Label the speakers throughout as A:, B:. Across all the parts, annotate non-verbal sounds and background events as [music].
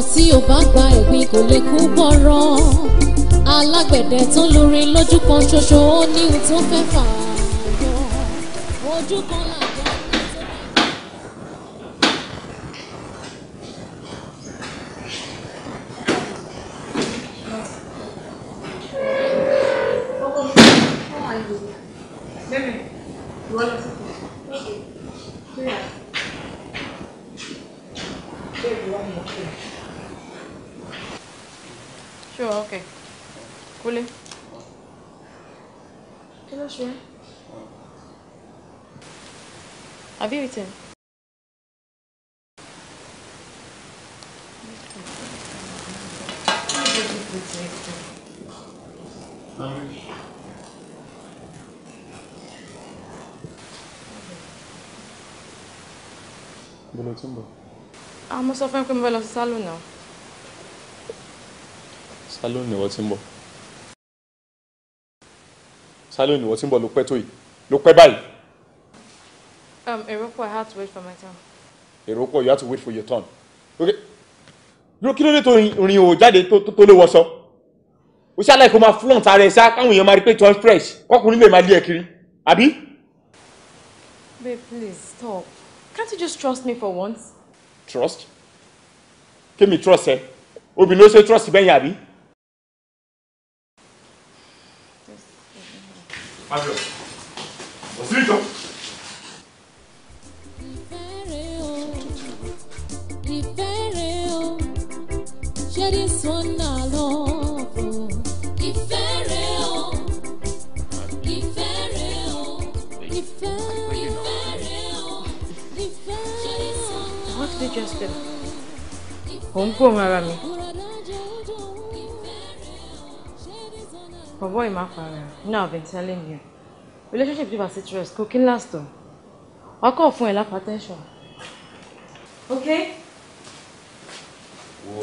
A: ọ̀rọ̀ tí ò bá gba ẹ̀gbin kò lè kú bọ̀rọ̀ alágbẹ̀dẹ tó lórí lójú kan ṣoṣo ó ní ohun tó fẹ́ fà á yọ ojú kan.
B: mo sọ fún ẹ pé mo fẹ́ lọ sí sálọ̀nù náà.
C: sálọ̀nù ni wọ́n ti ń bọ̀ sálọ̀nù ni wọ́n ti ń bọ̀ ló pẹ́ tó yìí ló pẹ́ báyìí.
B: Um, èrò pọ̀ I had to wait for my turn.
C: èrò pọ̀ you had to wait for your turn. okay yóò kí ló dé tó rìn ò jáde tó lè wọṣọ o ṣáà láì kó máa flaunt ara ẹ sá káwọn èèyàn máa rí pé john fresh ọkùnrin lè máa lé ẹ kiri àbí.
B: babe please stop can't you just trust me for once.
C: trust kémi trust ẹ obìnrin ó o? Ìfẹ́
A: rẹ̀ o.
D: Ìfẹ́
A: What did you just
B: do? ò ń gbóhùn ara mi i've been telling you relationship tí bàtí stress cooking kí ń last o wàá kọ̀ fún ẹ̀ lápá tẹ́sán ok.
D: wo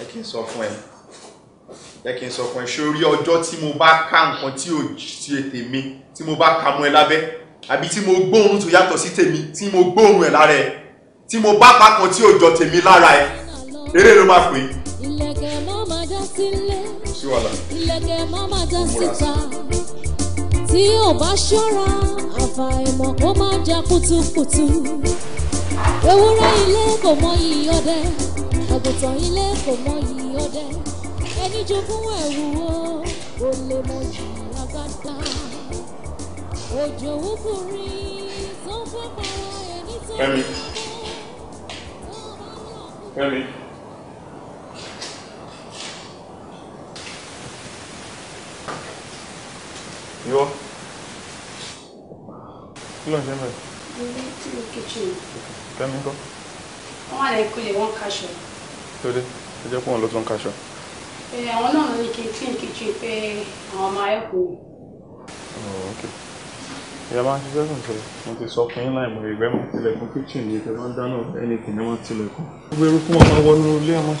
C: ẹ kí n sọ fún ẹ ẹ kí n sọ fún ẹ sórí ọjọ́ tí mo bá ká nǹkan tí ò ṣe tèmi tí mo bá kà mọ́ ẹ lábẹ́ àbí tí mo gbóòórùn tó yàtọ̀ sí tèmi tí mo gbóòórùn ẹ lára ẹ tí mo bá papọ̀ tí òjò tèmi lára ẹ eré ló máa pè
A: tí ò bá ṣọ́ra àfàìmọ̀ kó máa já kùtùkùtù ewúrẹ́ ilé kò mọ iyì ọdẹ àgùntàn ilé kò mọ iyì ọdẹ ẹni jogún ẹ̀wù o ò lè mọ iyì agbádá òjò òkùnrin tó
C: fẹ́ para ẹni tó. Fẹ́mi. Ìwọ. Kí ló ń ṣe mẹ́rin?
D: Mo ní
B: tí mo kéjì ní. Fẹ́mi kọ́. Wọ́n wà lẹ́yìn kúlẹ̀ wọ́n kaṣọ.
C: Lóde, ẹ jẹ́ pé wọ́n ló tún kaṣọ.
B: Àwọn náà ní kí n clean kitchen pé àwọn
C: Oh, okay ìyá máa ń ṣiṣẹ́ sùn sọ mo ti sọ fún yín láì mọ̀ ìgbẹ́ mọ̀ tilẹ̀kùn kíchìn ní ìtẹ́ máa ń dáná ẹni kì í máa tilẹ̀kùn. gbogbo eruku wọn máa wọnú ilé ọmọ.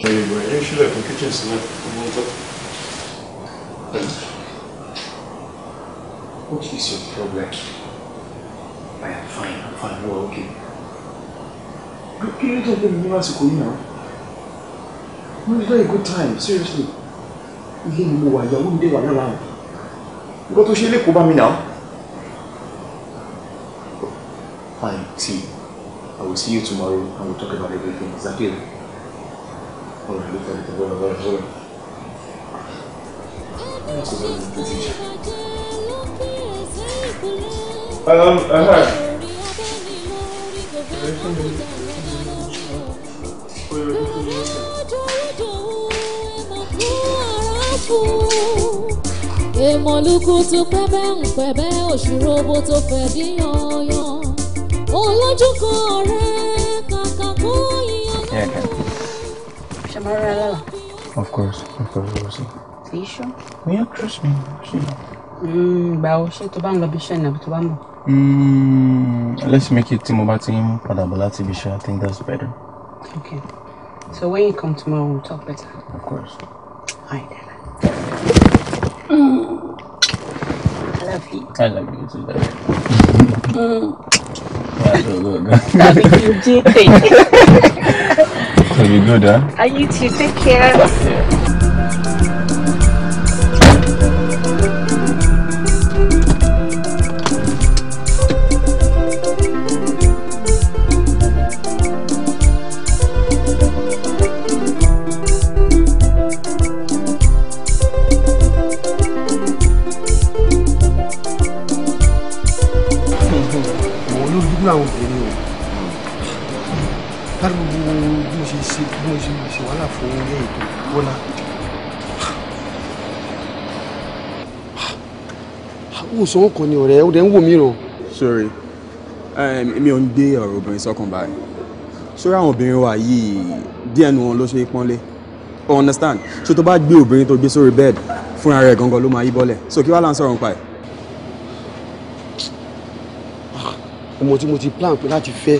C: ṣe ìgbà yín ṣílẹ̀kùn kíchìn sílẹ̀ ọmọ ọjọ́. What is your problem? I am fine, I'm fine, you are okay. Kí ló tó gbé mi ní lásìkò yìí náà? Mo ní very good time, seriously. Ilé mi mo wà, ìyàwó mi dé wà lára àwọn. Go to ṣe lè kó bá mi náà. Fine, see. I will see you tomorrow and we'll talk about everything. Is
D: that it? All right, look at it. Hold on, hold Um, uh-huh.
A: Oh, you're èmọ̀lúkú tún pẹ́bẹ́ ń pẹ́bẹ́ òṣìrò bó tó fẹ́ dín yanyan olójú kan kàkà kó ìyá
D: náà.
E: máa rẹ lọ́la. of course of course rosie. are you sure. we are trust me she. gbà ó ṣé tó bá ń lọ bí iṣẹ́ náà tó bá ń bọ̀.
C: Hmm, let's make it tí mo bá ti ń padà bọ̀ láti ibi iṣẹ́ i think that's better.
E: okay so when you come tomorrow we'll talk better. of course. all right. kan lagi sudah.
D: Hmm. Aduh, aduh, aduh. Tapi you cheating. so you good, huh? Are you too thick here? Yeah.
C: wọ́n náà àwọn òṣòwò kan ni ọ̀rẹ́ ó dẹ̀ ń wò mí rò. sorry èmi ò ń gbé ọ̀rọ̀ obìnrin sọ́kàn báyìí sórí àwọn obìnrin wa yìí díẹ̀ nu wọn ló ṣe é pọ́nlé o understand so tó bá gbé obìnrin tó gbé sórí bed fúnra rẹ̀ gangan ló máa yí bọ́lẹ̀ so kí wàá là ń sọ̀rọ̀ nípa ẹ̀. ọmọ tí mo ti plan pé láti fẹ́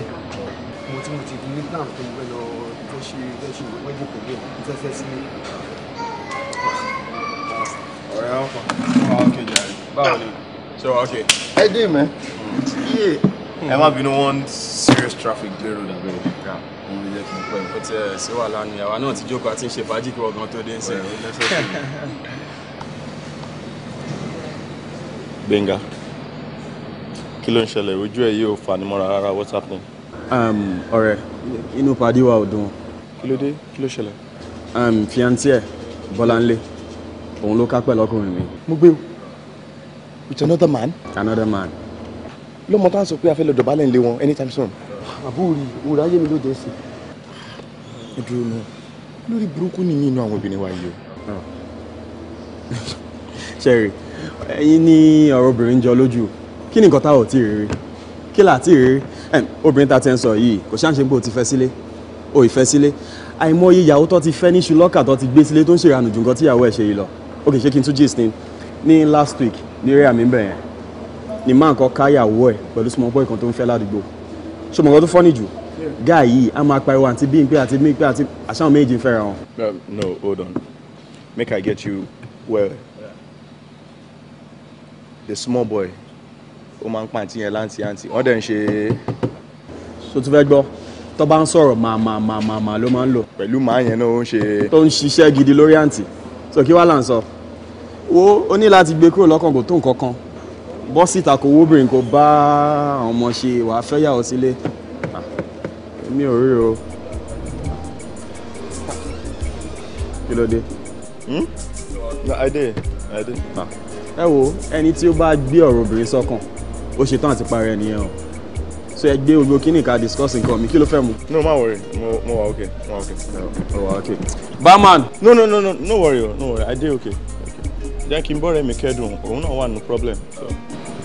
C: báwo ni so okay.
D: ẹ dé mẹ. ẹ má
C: bínú one serious traffic dèrò that ìdíkà Yeah. lè jẹ́ kí n pẹ́ ẹ̀ tẹ́ ẹ̀ sí wàhálà ni àwa náà ti jókòó àti ń ṣe fàájì kí ọ̀gán tó dé ń sìn. [laughs] Gbénga kí ló ń ṣẹlẹ̀ ojú ẹ̀ yóò what's happening. Um, ọ̀rẹ́ inú pàdé wa ò dùn. kí ló dé kí ló ṣẹlẹ̀. Um, fiancé ẹ̀ Bọ́láńlé òun ló kápẹ́ lọ́kùnrin mi. mo gbé with another man. another man. lọ́mọ tá à ń sọ pé a fẹ́ lọ dọ̀bálẹ̀ ńlẹ̀ wọn anytime soon. àbúrò òòrùn ayé mi ló dé sí. ẹ dúró nù lórí burúkú nìyí inú àwọn obìnrin wa yìí o. ṣẹ́rì oh. [laughs] ẹ̀yin ní ọ̀rọ̀ obìnrin jọ lójú kí ni nǹkan tá ò tí ì rírí kí là á tí ì rírí obìnrin tá a ti ń sọ yìí kò ṣáà ń ṣe pé o ti fẹ́ sílé o ì fẹ́ sílé àìmọye ìyàwó tó ti fẹ́ ní ṣùlọ́kà tó ti gbé sílé tó ń ṣèrànù jù nǹkan tíyàwó ẹ̀ ṣe yìí lọ ok ṣé kí n tún gist ni ní last week ní eré àmì bẹ̀ yẹn ni máa ń kọ́ káyàwó ẹ̀ pẹ̀lú small boy kan tó ń fẹ́ ládùúgbò ṣó mọ̀ nǹkan tó funny jù guy yìí a máa pariwo àti bí n pé àti bí n pé àti àṣàwọn méjì ń fẹ́ra wọn. no hold on make i get you well the small boy ó máa ń pa àǹtí yẹn láǹtí àǹtí wọ́n dẹ̀ ń ṣe. so tún fẹ́ gbọ́ tó bá ń sọ̀rọ̀ màá màá màá màá ló máa ń lò. pẹ̀lú màá yẹn náà ó ń ṣe. tó ń ṣiṣẹ́ gidi lórí àǹtí so kí wàá là ń sọ. So wo o ní láti gbé kúrò lọ́kàn kò tó nǹkan kan bọ́ síta kò wóbìnrin kò bá àwọn ọmọ ṣe wàá fẹ́ yàwó sílé ah, mi ò rí o kí ló dé. àìdè hmm? àìdè. Ah. ẹ wo ẹni tí ó bá gbé ọ̀rọ̀ obìnrin sọ́kàn ó ṣetán àti parí nìyẹn o so ẹ gbé gbogbo kíní ká discuss nǹkan mi kí ló fẹ́ mu. no ma worry mo mo wa okay mo wa okay. mo okay. barman. no no no no no worry o no worry i dey okay jẹ́ kí n bọ́rẹ̀ mi kẹ́dùn òun náà wà nínú problem.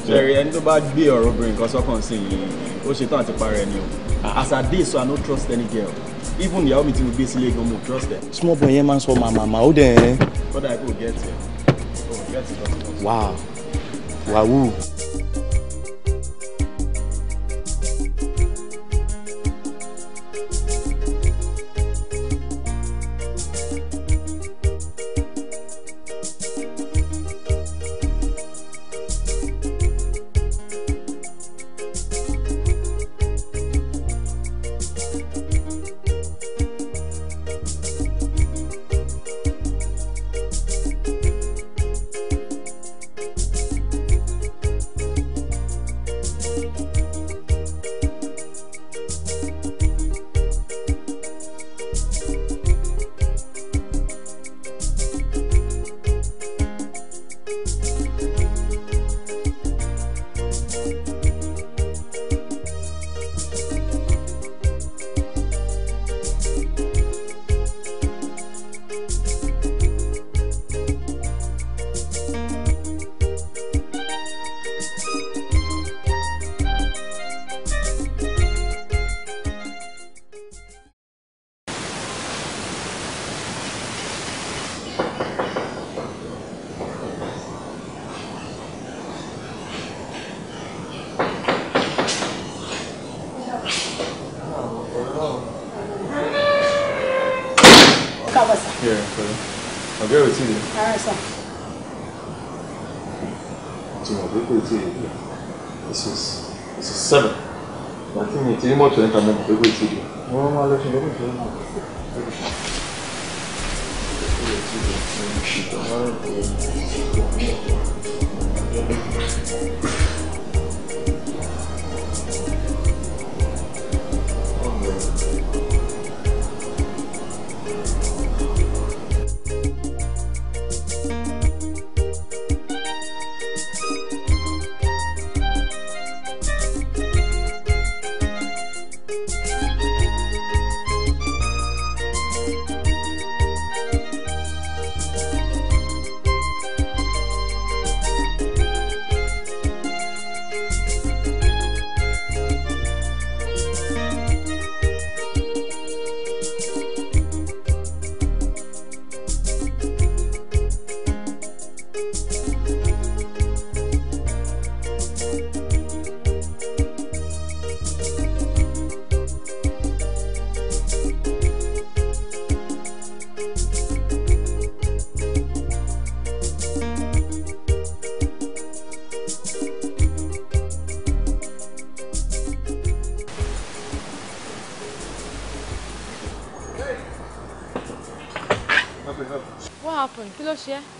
C: jerry ẹni tó bá gbé ọ̀rọ̀ obìnrin kan sọ́kàn sí i ó ṣetán àti parẹ́ ni o ah. as i dey so i no trust any girl even ìyàwó mi ti mo gbé sílé gan mo trust them. small boy yẹn máa ń sọ màmá màá ó dẹ̀ ẹ́. kódà ẹ kò gẹ́ẹ̀tì ẹ kò gẹ́ẹ̀tì lọ́sọ̀ọ́sọ.
D: wàá wàá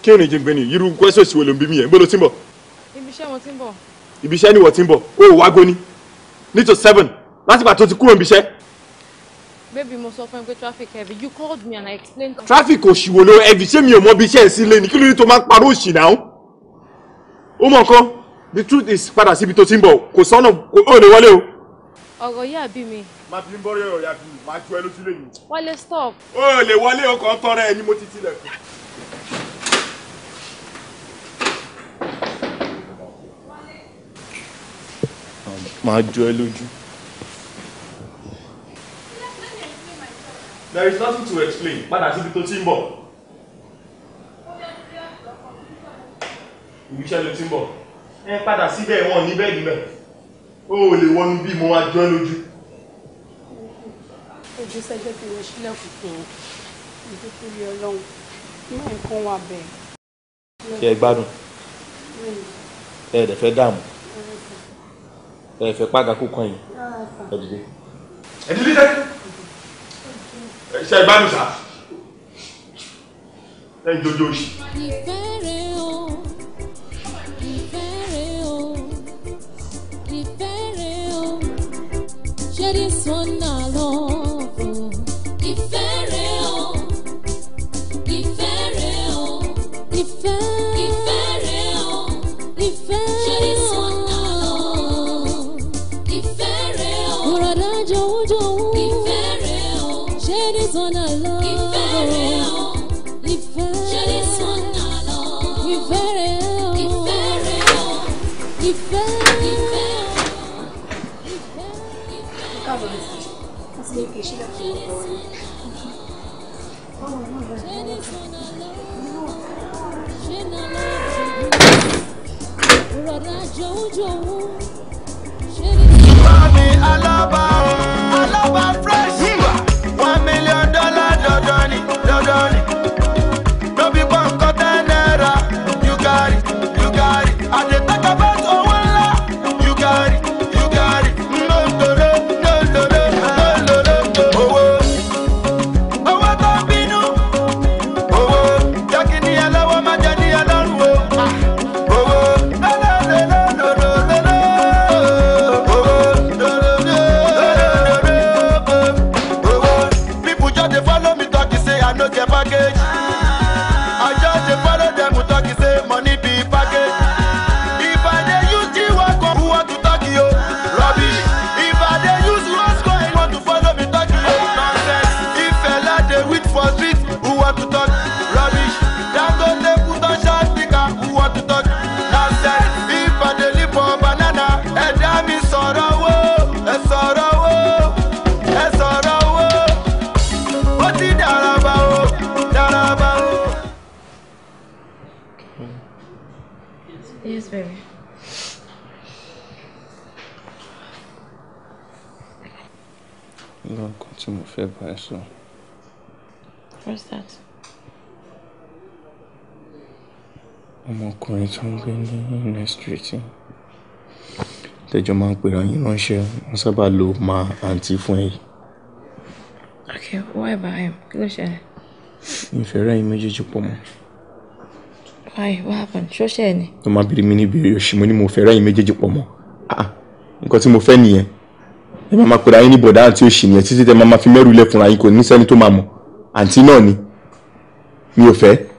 C: kí òní jẹun gbẹni irú kwẹsọ sí wo ló ń bí mi yẹn ń bọ́ ló ti ń bọ̀.
B: ibiṣẹ́ wọn ti ń bọ̀.
C: ibiṣẹ́ ni wọ́n ti ń bọ̀ ó wá gbóni ní to seven látìgbà tó ti kúrò níbiṣẹ́.
B: baby mo sọ fún ẹ pé traffic heavy you called me and I explained.
C: traffic òṣìwò ló ẹbí ṣé mi ò mọ bí iṣẹ́ sí lé ní kí ló ní tó máa ń parọ́ òṣì náà ó mọ̀ nǹkan the truth is padà síbi tó ti ń bọ̀ kò sọ́nà ó lè wọlé o. ọ̀rọ̀ yà bí mi. má fi ń bọ́rẹ̀ ọ̀rọ̀ yà bí mi ju ẹ lójú lẹ́yìn. wọlé stop. ó lè wọlé ọkọ̀ tọrẹ ẹni mo ti tilẹ̀ máa jọ ẹ lójú. There is nothing to explain. Padà síbi tó ti ń bọ̀. Ìbíṣẹ́ ló ti ń bọ̀. Ẹ padà síbẹ̀ wọn ní bẹ́ẹ̀ níbẹ̀. O ò lè wọnú bí mo wá jọ lójú.
D: Ojú sẹ́jọ́ ti wọ
E: sílẹ̀kùn fún un. Ìdí tó lé ọlọ́run. Inú nǹkan wà bẹ́ẹ̀.
C: Ṣé ẹ gbádùn? Ẹ ẹ̀ dẹ̀ fẹ́ dààmú ẹ fẹ́ pàgà
D: kó kàn yín ah, ẹ
C: dìde. ẹ dìde tẹ ẹ ṣe ìbánu sá ẹ jojo
D: sí. ìfẹ́
A: rẹ̀ o ìfẹ́ rẹ̀ o ìfẹ́ this one na ṣe kì í ṣe láti
F: fresh. One million dollar dandan ni
C: ọkùnrin tó ń gbé ní next street tẹ́jọ́ máa ń pera yín ránṣẹ́ wọ́n sábà lo máa àǹtí fún ẹ
B: yìí. why about him kí ló ṣẹlẹ̀.
C: ìfẹ́rẹ́ yín méjèèjì pọ̀ mọ́.
B: why what happened ṣó ṣe ẹ ni.
C: tó máa bèrè mi ní ìbéèrè òṣì mo ní mo fẹ́rẹ́ yín méjèèjì pọ̀ mọ́ ah, nǹkan tí mo fẹ́ nìyẹn ẹ máa máa pera yín ní bọ̀dá àǹtí òṣì nìyẹn títí tẹ máa máa fi mẹ́rù ilẹ̀ fúnra yín kò ní sẹ́ni tó máa mọ̀ àǹtí náà ni mi ò fẹ́.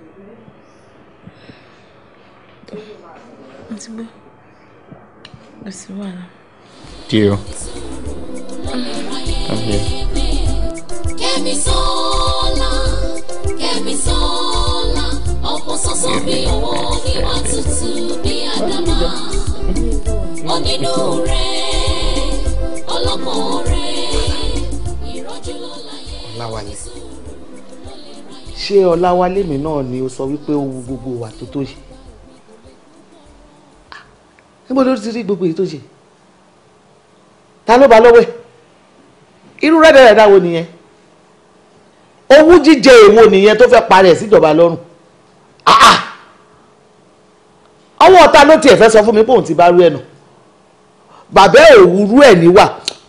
B: kò sí wàhálà.
D: deal i'm here. kẹ́mi
A: sọ́ọ́lá kẹ́mi sọ́ọ́lá ọ̀pọ̀ sọ́sọ́ bí owó níwá tútù
E: bí àdàmà
D: onínú
A: rẹ̀
D: ọlọ́mọ rẹ̀
E: ìrọ́jú lọ́la yẹn.
C: ṣé ọláwálé mi náà ni ó sọ wípé ó wu gbogbo wa tó tó yìí níbo ló ti rí gbogbo èyí tó ṣe ta ló ba lọ́wọ́ ẹ̀ irú rẹ́dẹ̀rẹ́dà wo nìyẹn owú jíjẹ èwo nìyẹn tó fẹ́ parẹ́ síjọba lọ́rùn ọwọ́ ọ̀tá ló tiẹ̀ fẹ́ sọ fún mi pé òun ti bá rú ẹ̀ nù bàbá òwúrú ẹ̀ níwà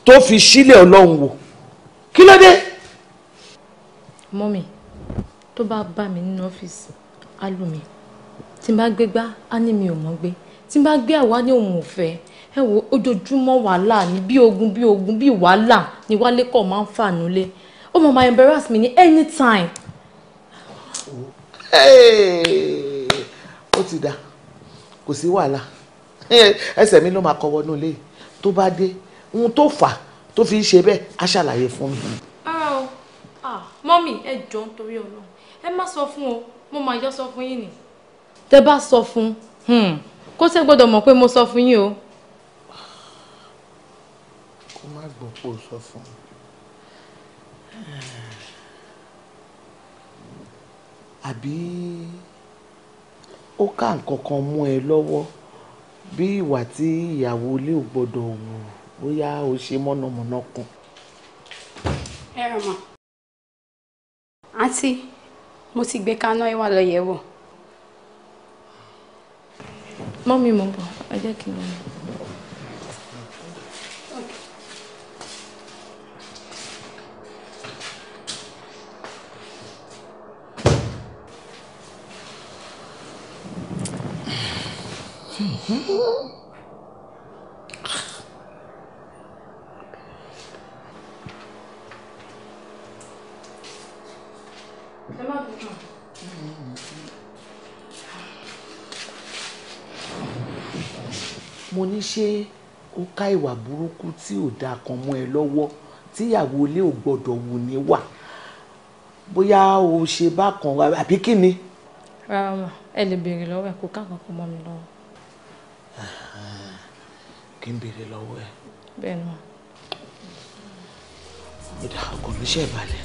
C: tó fi sílẹ̀ ọlọ́run wò kí ló dé.
B: mọ́mì tó bá bá mi nínú ọ́fíìsì á lù mí tí n bá gbégbá á ní mi ò mọ́ gbé tí n bá gbé àwa ní òun ò fẹ́ ẹ wo ojoojúmọ́ wàhálà ni bí ogun bí ogun bí wàhálà ni wálé kọ̀ máa ń fà nulẹ̀ ó mọ̀ máa embarrass mi ní anytime.
C: ó ti dà kò sí wàhálà ẹsẹ̀ mi ló máa kọ́ wọnú ilé tó bá dé ohun tó fà tó fi ń ṣe bẹ́ẹ̀ á ṣàlàyé fún mi.
B: mọ́mì ẹ jọ̀ọ́ nítorí ọlọ́run ẹ má sọ fún o mo máa yọ sọ fún yín ni. tẹ bá sọ fún un hmm kó tẹ́ gbọ́dọ̀ mọ̀ pé mo sọ fún yín o.
C: kó má gbọ́ pé o sọ fún un. àbí ó ká nǹkan kan mú ẹ lọ́wọ́ bí ìwà tí ìyàwó ilé ò gbọ́dọ̀ wù bóyá o ṣe mọ̀nàmọ́ná kan.
B: ẹ ràn mọ́ àǹtí mo ti gbé kaná ẹ wà lọ yẹ̀ mọ́mí mo bọ̀ ẹ jẹ́ kí n lọ.
D: Mm-hmm.
E: ṣé ó ká ìwà
C: burúkú tí ò dáa kan mọ́ ẹ lọ́wọ́ tíyàwó ilé ò gbọ́dọ̀ wù ní wà bóyá o ṣe bákan àbí kí ni.
B: rárá mà ẹ lè béèrè lọ́wọ́ ẹ kó káàkiri kan mọ́ mi lọ́wọ́.
C: kí n béèrè lọ́wọ́ ẹ.
B: bẹ́ẹ̀ ni mà.
E: ìdá kò ní ṣe balẹ̀.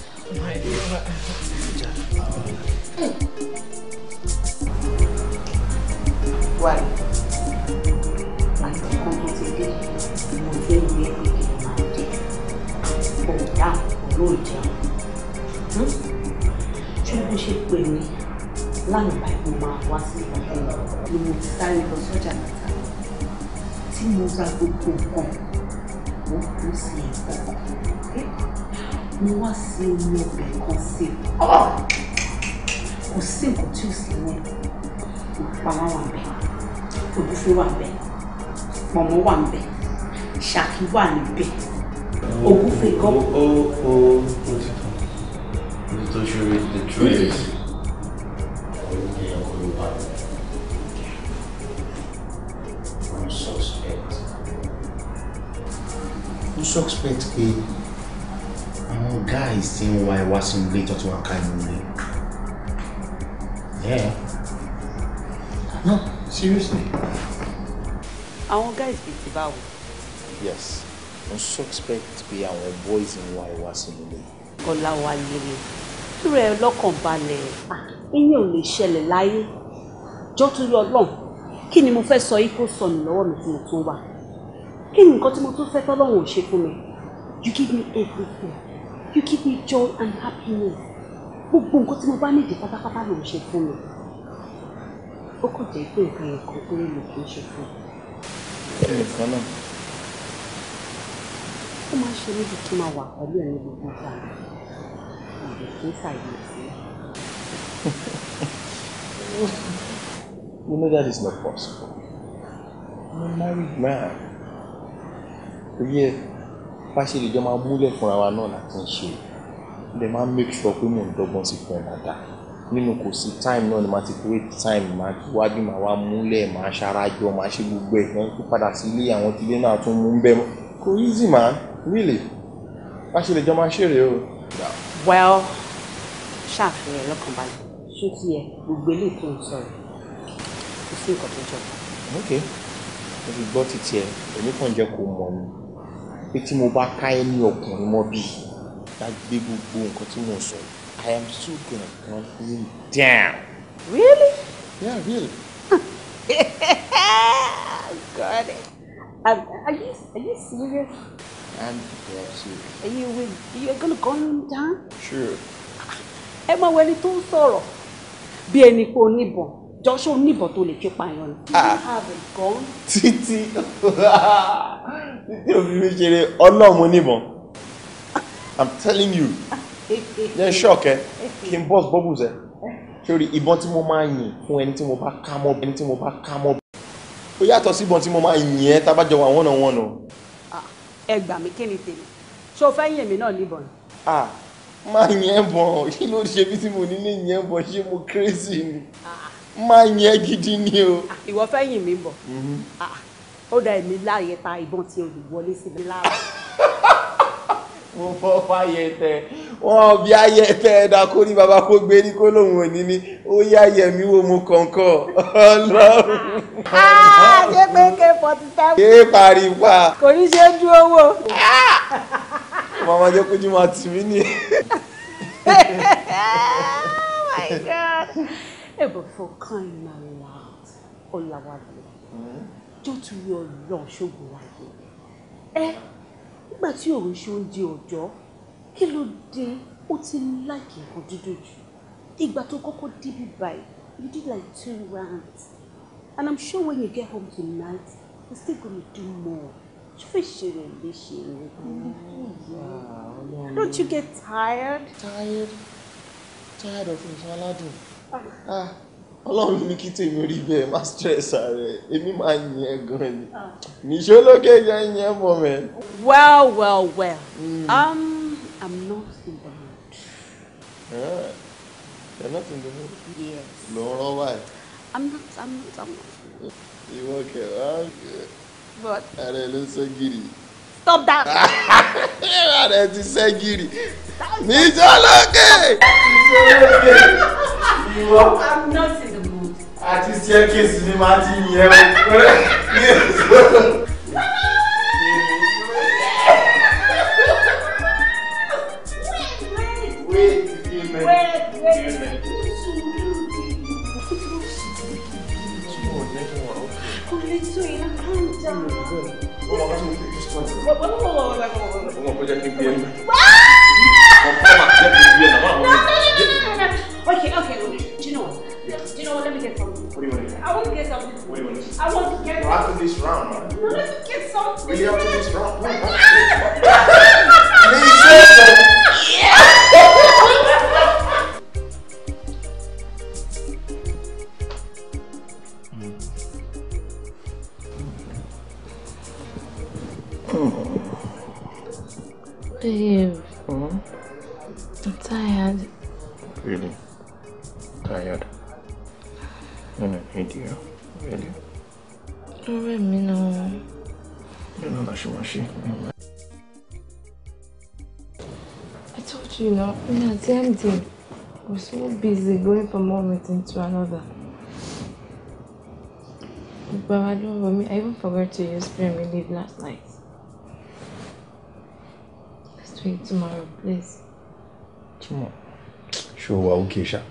E: wàá. fẹ́ gbé ìgbìmọ̀ àdé ọ̀dà olóòjẹun ṣé bó ṣe pè mí lánàá báyìí mo máa wá sí ìpàdé ni mo ti sáré lọ sọ́jà nàta tí mo ra gbogbo nǹkan mo kú sí ẹ̀kọ́ mo wá sí omi ọbẹ̀ kan sí kò sí nǹkan tí ò sí wọn mo pa wọn wà bẹ́ẹ̀ ògúfe wà bẹ́ẹ̀ pọ̀nmọ́ wà ṣàkí wà níbẹ̀
C: ògúnfẹ̀ kan. ó ó ó ó ti
D: tán ó ti tó the truth is
E: òun ni ọkọ ló bá mi i'm suspect.
C: mo suspect pé àwọn guys tí ń wá ẹ wá sínú ilé ìtọ́jú wa ká inú ilé. Yeah.
E: No, seriously. Àwọn guys bíi ti báwo? yes mo suspect
C: pé àwọn boys ń wá ìwá sínú ilé.
E: Kọ́láwálé túrẹ̀ lọ́kàn balẹ̀ ìyẹn ò lè ṣẹlẹ̀ láyé jọ́ tó yọ ọlọ́run kí ni mo fẹ́ sọ yìí kó sọnù lọ́wọ́ mi tí mo tún wà kí ni nǹkan tí mo tún fẹ́ tọ́lọ́run ò ṣe fún mi you give me everything you give me joy and happiness gbogbo nǹkan tí mo bá nídìí pátápátá ló ń ṣe fún mi ó kàn jẹ́ pé nǹkan ẹ̀kọ́ tó lè lò kí n ṣe fún mi. ẹnìkan náà ó máa ń ṣe mí ju kí n máa wà pẹ̀lú ẹ̀rín gbogbo ìgbà ìdè kí kàyéfì.
C: You know that is not possible. I'm a married man. Oyè bá ṣe lè jọ máa múlẹ̀ fúnra wa náà láti ń ṣe. Lè máa make sure pé mò ń dọ́gbọ́n sí fún ẹ̀ dáadáa. Nínú kò sí time náà ni màá ti create time màá wádìí màá wá múlẹ̀ màá ṣarajọ màá ṣe gbogbo ẹ̀ náà tó padà sí ilé àwọn tilé náà tún mú un bẹ́ẹ̀. Kò easy man really bá ṣe lè jọ máa ṣeré o.
E: well ṣàfihàn lọ́kàn balẹ̀ ṣé kí ẹ gbogbo eléyìí tó ń sọ̀rọ̀ kò sí nǹkan tó jọ.
C: ok mo ti gbọ́ títí ẹ èmi kàn jẹ́ kó mọ̀ ni pé tí mo bá ká ẹ ní ọkùnrin mọ́ bí dágbé gbogbo nǹkan tí mo sọ
E: I am so gonna come in down. really? yeah really. [laughs] Got it. Um, are you are you serious?
D: and their children.
E: ẹ̀yin ìwé you are gonna gun him down. sure. Emma, when wọ ẹni sorrow, be any bí ẹni pé oníbọn jọ́sọ̀ oníbọn tó lè fi pààyàn ni. Ah. títí Titi.
C: òfin mi ṣeré ọlọ́mù oníbọn i'm telling you yẹn ṣọ́ọ̀kẹ́ kí n bọ́ bọ́bù sẹ́ sórí ìbọn more money. máa anything fún ẹni tí mo bá ká mọ́ ẹni tí mo bá ká mọ́ ó yàtọ̀ sí ìbọn tí mo máa one ẹ́ tábàjọ wà
E: ẹ gbà mí kí ni tèmi ṣé o fẹ́ yìn mí náà níbọn.
C: ah máa yẹn bọ̀ kí ló ṣe bí tí mo nílé yẹn bọ̀ ṣé mo crazy ni máa yẹn gidi ni o.
E: ìwọ fẹ́ yìn mí bọ̀ mm-hmm. ó da èmi láàyè ta ìbọn tí o lè wọlé sí mi lára.
C: [laughs] mo fọ́ fàyẹ tẹ wọn bí ayẹ tẹ ẹ dá kó ní baba kó gbé ní kó lóun ò ní ní ó yá yẹmí wo mo kàn kàn [laughs] Ọlọ́run.
E: Ah, ṣé pé k forty seven. ṣé
C: pariwa.
E: kò ní ṣe ju owó.
C: màmá jẹ́ kójú máa tì mí ni.
E: [laughs] ẹ̀bùn fọkàn ìmọ̀lá ọ̀làwàlẹ̀ tó tún yọ ọ̀lọ́ ṣògùn wáyé. ẹ nígbà tí òun ṣe oúnjẹ ọ̀jọ́ kí ló dé ó ti láìkì nǹkan dúdú jù ìgbà tó kọ́kọ́ débi báyìí you did like two rounds. And I'm sure when you get home tonight, you're still going to do more. fishing fishing. Ah, Don't you get tired? Tired?
D: Tired of ìfaladùn? Ah. ah,
C: Ọlọ́run ní kí tèmi rí bẹ́ẹ̀ má stress ààrẹ, èmi máa yìn ẹ́ gan ni. Nìṣó ah. lókè yẹn yìn mọ̀ mẹ́.
E: Well, well, well, hmm. um, I'm not in the mood.
C: Ah, you're not in the mood? Yes. Lọ́rọ́ wáyé.
E: I'm not, I'm not, I'm
C: not. You okay? Okay. But. Ààrẹ ló sọ gírì. Stop that. Ààrẹ ti sẹ́ gírì. Níjọ́ lókè. Níjọ́ lókè.
D: Ìwọ.
E: I'm not in the mood. Àti staircase
C: ni màá ti yẹ o.
D: Wait, wait, wait.
E: Okay, okay, okay. Do you know Do you know Let me get something. What do you want to get? I want to get something. What do you want I want to get well, after
C: this round, man. No, let's
E: get something. Really after this round? Please,
B: Babe. Hmm? I'm tired.
C: Really? Tired? Don't an you.
D: Really?
B: Ọ̀rẹ́ me náà.
D: You know that she was she.
B: I told you, you know, me and TMD were so busy going from one meeting to another. But I don't know, I even forgot to use spring leave last night to tomorrow, please.
C: Tomorrow. Sure, we'll okay, ṣá.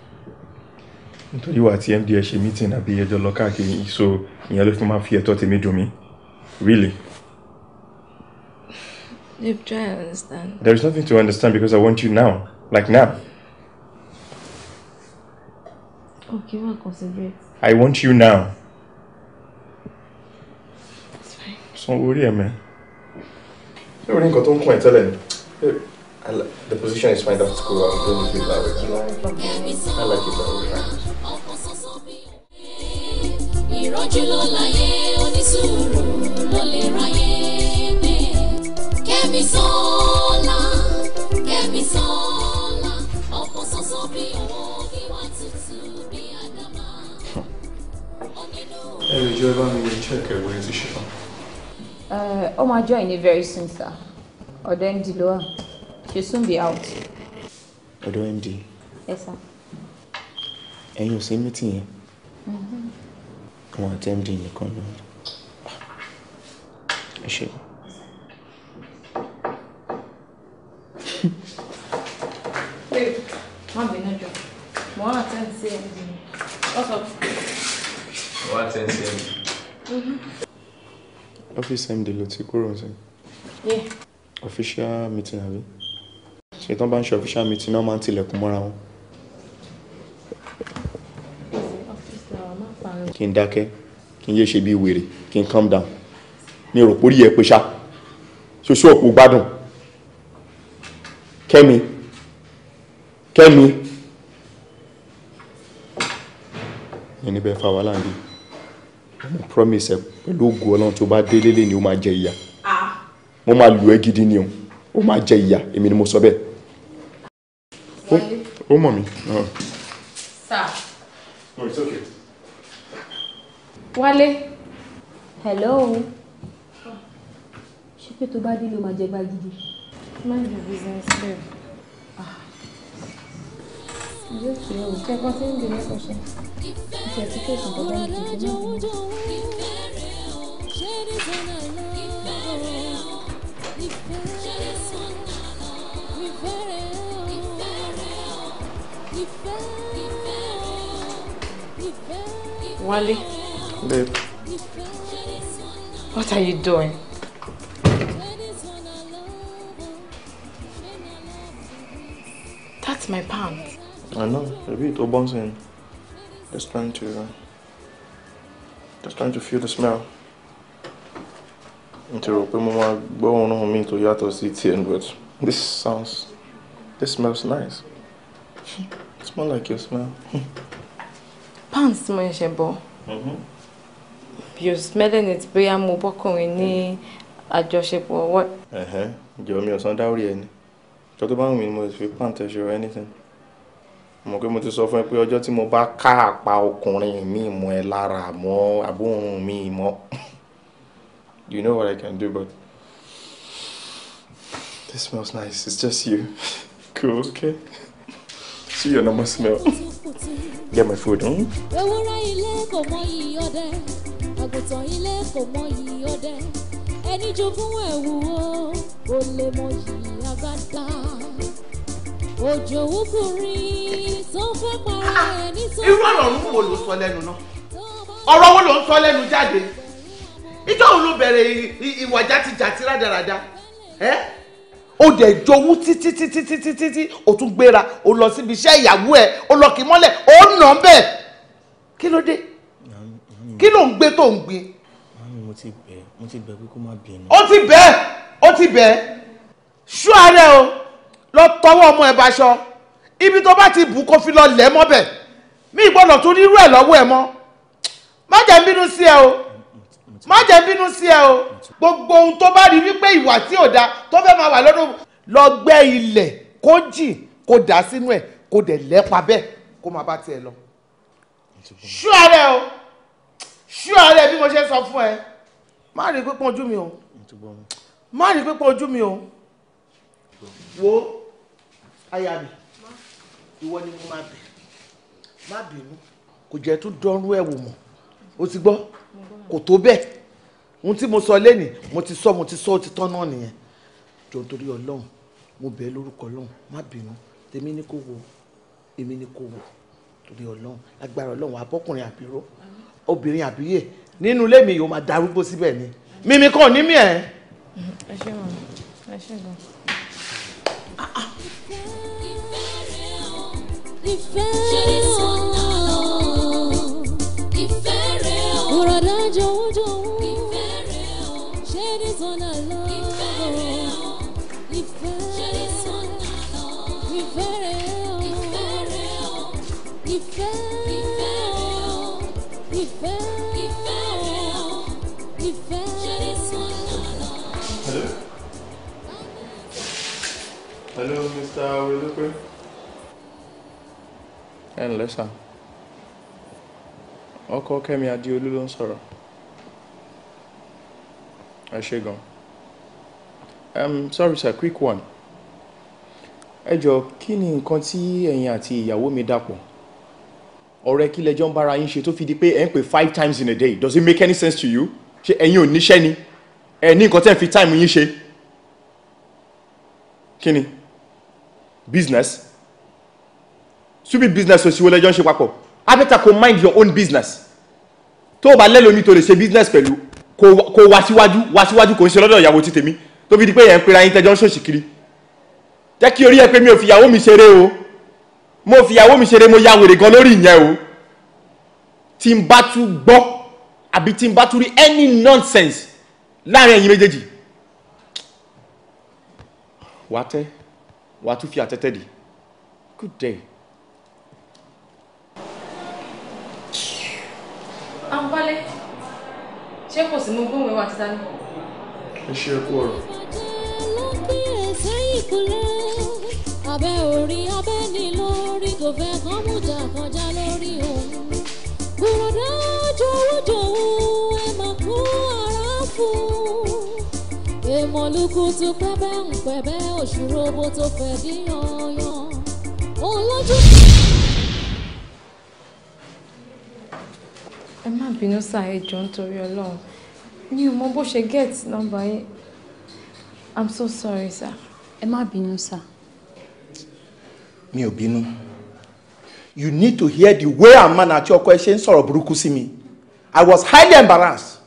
C: Nítorí wà tí MD ẹ ṣe meeting àbí ẹjọ́ lọ káàkiri, so ìyẹn ló fi máa fi ẹ̀tọ́ tèmi dùn mí. Really?
B: You try to understand.
C: There is nothing to understand because I want you now. Like now.
B: Okay, well, concentrate.
C: I want you now. It's fine. So, what do you mean? You're going to go to Like, the position is fine. That's cool. I'm doing it that way. I like
D: it that way.
A: Hey, ló láyé onísùúrù ló lè
D: check
B: very soon sir. ọ̀dọ̀ md ló wà she soon be out. ọ̀dọ̀ md. ẹ sá.
C: ẹ̀yin ò sí mítìn yẹn. wọn àti md nìkan ló ń ẹ ṣe. babe má bínú jọ mo wá attend sí md what's up. mo wá attend sí md. ọ́fíìsì md ló ti kúrò sí. yeah. Official meeting àbí? Ṣé tí wọ́n bá ń ṣe official meeting náà máa ń tilẹ̀kùn mọ́ra wọn? Kí n dákẹ́, kí n yé ṣe bí wèrè, kí n calm down. Mi ò rò pé orí ẹ pé ṣá. Ṣé o ṣé òpó gbádùn? Kẹ́mi, Kẹ́mi. Mi níbẹ̀ fa wàhálà ń bí. promise ẹ pẹ̀lú ògo Ọlọ́run tó bá délé lé ni ó máa jẹ ìyà mo máa lù ẹ́ gidi ni o ó máa jẹ ìyà èmi ni mo sọ bẹ́ẹ̀. ó mọ̀ mi.
B: wálé. hello. ṣé pé tó bá dé ló máa jẹ gbá gidi. mind your business babe. ìjọ ah. tí o kẹ́kọ̀ọ́ tí ń gbé ní ọ̀sẹ̀ ìṣẹ̀tí kò sùn tó bá ń Wale. Babe. What are you doing? That's my pants.
C: I know. a bit. will bounce Just trying to... Uh, just trying to feel the smell n ti rò pé mo máa gbọ́ òórùn mi tó yàtọ̀ sí tiẹ̀ but this sounds this smells nice it smells like your smell.
B: pants mo ṣe bọ you smelling it bóyá mo bọ́kùnrin ní
C: mm-hmm. àjọṣepọ̀ ọwọ́. jọ mi ọ̀sán dáwọ́rì ẹ ni ọjọ́ tó bá wù mí mo fi pants ẹ ṣe or anything mo pé mo ti sọ fún ẹ pé ọjọ́ tí mo bá ká àpá ọkùnrin mi mọ́ ẹ lára mọ́ àbóhùn mi mọ́ you know what I can do, but this smells nice. It's just you. [laughs] cool, okay? See your normal smell. Get my food, hmm?
A: ẹni jogún ẹ̀wù o, kò lè mọ agbádá. Òjò wúkúrin
C: tó fẹ́ para ah, ẹni tó. Irú ọ̀rọ̀ ọ̀run wo ló sọ lẹ́nu náà? Ọ̀rọ̀ wo ló ń sọ lẹ́nu jáde? ìjọ òun ló bẹ̀rẹ̀ ìwà játijàti rádaràda ẹ́ o dẹ̀ jowú títí títí títí títí o tún gbéra o lọ síbi iṣẹ́ ìyàwó ẹ̀ o lọ kì í mọ́lẹ̀ o nà ń bẹ̀ kí ló dé kí ló ń gbé tó ń gbé. mami mo ti bẹ̀ mo ti bẹ̀ pé kó má bínú. o ti bẹ̀ o ti bẹ̀ ṣú ara ẹ o lọ tọwọ́ ọmọ ẹ báṣọ ibi tó bá ti bù kó fi lọ lẹ̀ mọ́bẹ̀ mi ìgbọ́dọ̀ tó nírú ẹ̀ lọ́wọ́ ẹ mọ́ má jẹ́ bínú sí ẹ o má jẹ́ bínú sí ẹ o gbogbo ohun tó bá rí wípé ìwà tí ò da tó fẹ́ máa wà lọ́dún lọ gbẹ́ ilẹ̀ kó jìn kó dà sínú ẹ̀ kó dẹ̀ lẹ́pa bẹ́ẹ̀ kó máa bá tiẹ̀ lọ. ṣú ààrẹ o ṣú ààrẹ bí mo ṣe sọ fún ẹ má rí pípọ́n ojú mi o má rí pípọ́n ojú mi o wo aya mi ìwọ ni mo máa bẹ̀ má bínú kò jẹ́ tún dánrú ẹ̀ wò mọ́ o ti gbọ́ kò tó bẹ́ẹ̀ ohun tí mo sọ lẹ́nìí mo ti sọ mo ti sọ ó ti tán náà nìyẹn jọ nítorí ọlọ́run mo bẹ̀ẹ́ lórúkọ ọlọ́run má bínú tèmi ni kò wò èmi ni kò wò torí ọlọ́run agbára ọlọ́run abọ́kùnrin àbíró obìnrin àbíyè nínú ilé mi yóò máa darúgbó síbẹ̀ ni mímí kàn ní mí ẹ̀.
B: ẹ ṣe wọn ẹ ṣe gan. ìfẹ́
A: rẹ̀ ó ìfẹ́ rẹ̀ ó ìrọ̀lẹ́ jọ̀wọ́ jọ̀wọ́. Hello?
C: Hello, Mr. Olólùpẹ́. Ẹ ǹlẹ́ sà, ọkọ Kẹ́mi Adéolú ló ń sọ̀rọ̀. Ẹ ṣé gan. Um, sorry sir, quick one. Ẹ jọ kí ni nǹkan tí ẹ̀yin àti ìyàwó mi dàpọ̀? ọ̀rẹ́ kí lẹjọ́ ń bára yín ṣe tó fi di pé ẹ̀ ń pè five times in a day does it make any sense to you ṣé ẹ̀yin ò níṣẹ́ ni ẹ̀ ní nǹkan tẹ́ fi time yín ṣe kí business stupid business òṣìwò lẹjọ́ ń ṣe papọ̀ abẹ́ta kò mind your own business tó o bá lẹ́lòmí tó lè ṣe business pẹ̀lú kò wá síwájú wá síwájú kò ń ṣe lọ́dọ̀ ìyàwó ti tèmi tó fi di pé ẹ̀ ń pera yín tẹjọ́ ń ṣòṣì kiri jẹ́ kí orí ẹ pé mi ò fi ìyàwó mi ṣeré o mo fìyàwó mi ṣeré mo ya wèrè gan lórí ìyẹn o tí n bá tún gbọ́ àbí tí n bá tún rí any nonsense láàrin ẹ̀yin méjèèjì wà á tẹ́ wà á tún fi àtẹ́tẹ́ dì good day.
B: àǹfààní ṣé kò sí mú gbóhùn ẹwà títà ní.
D: ẹ ṣe é kú ọ̀rọ̀
B: abẹ́ orí abẹ́ ni lórí
A: kò fẹ́ kán mújà kọjá lórí òun. Bùrọ̀dá jọ̀wọ́jọ̀wọ́ ẹ mà kú ara fún. Èmọ̀lúkú tún pẹ́bẹ́ ń pẹ́bẹ́ òṣùrò bó tó fẹ́ dí yanyan. Òun lójú.
B: Ẹ má bínú sá nítorí Ọlọ́run. Mi ò mọ bó ṣe gẹ̀ẹ́tì nọ́mbà yín. I'm so sorry, sir. Ẹ má bínú sir
C: mi ò bínú you need to hear the way a man àti ọkọ ẹ ṣe ń sọ̀rọ̀ burúkú sí mi i was highly embarrassed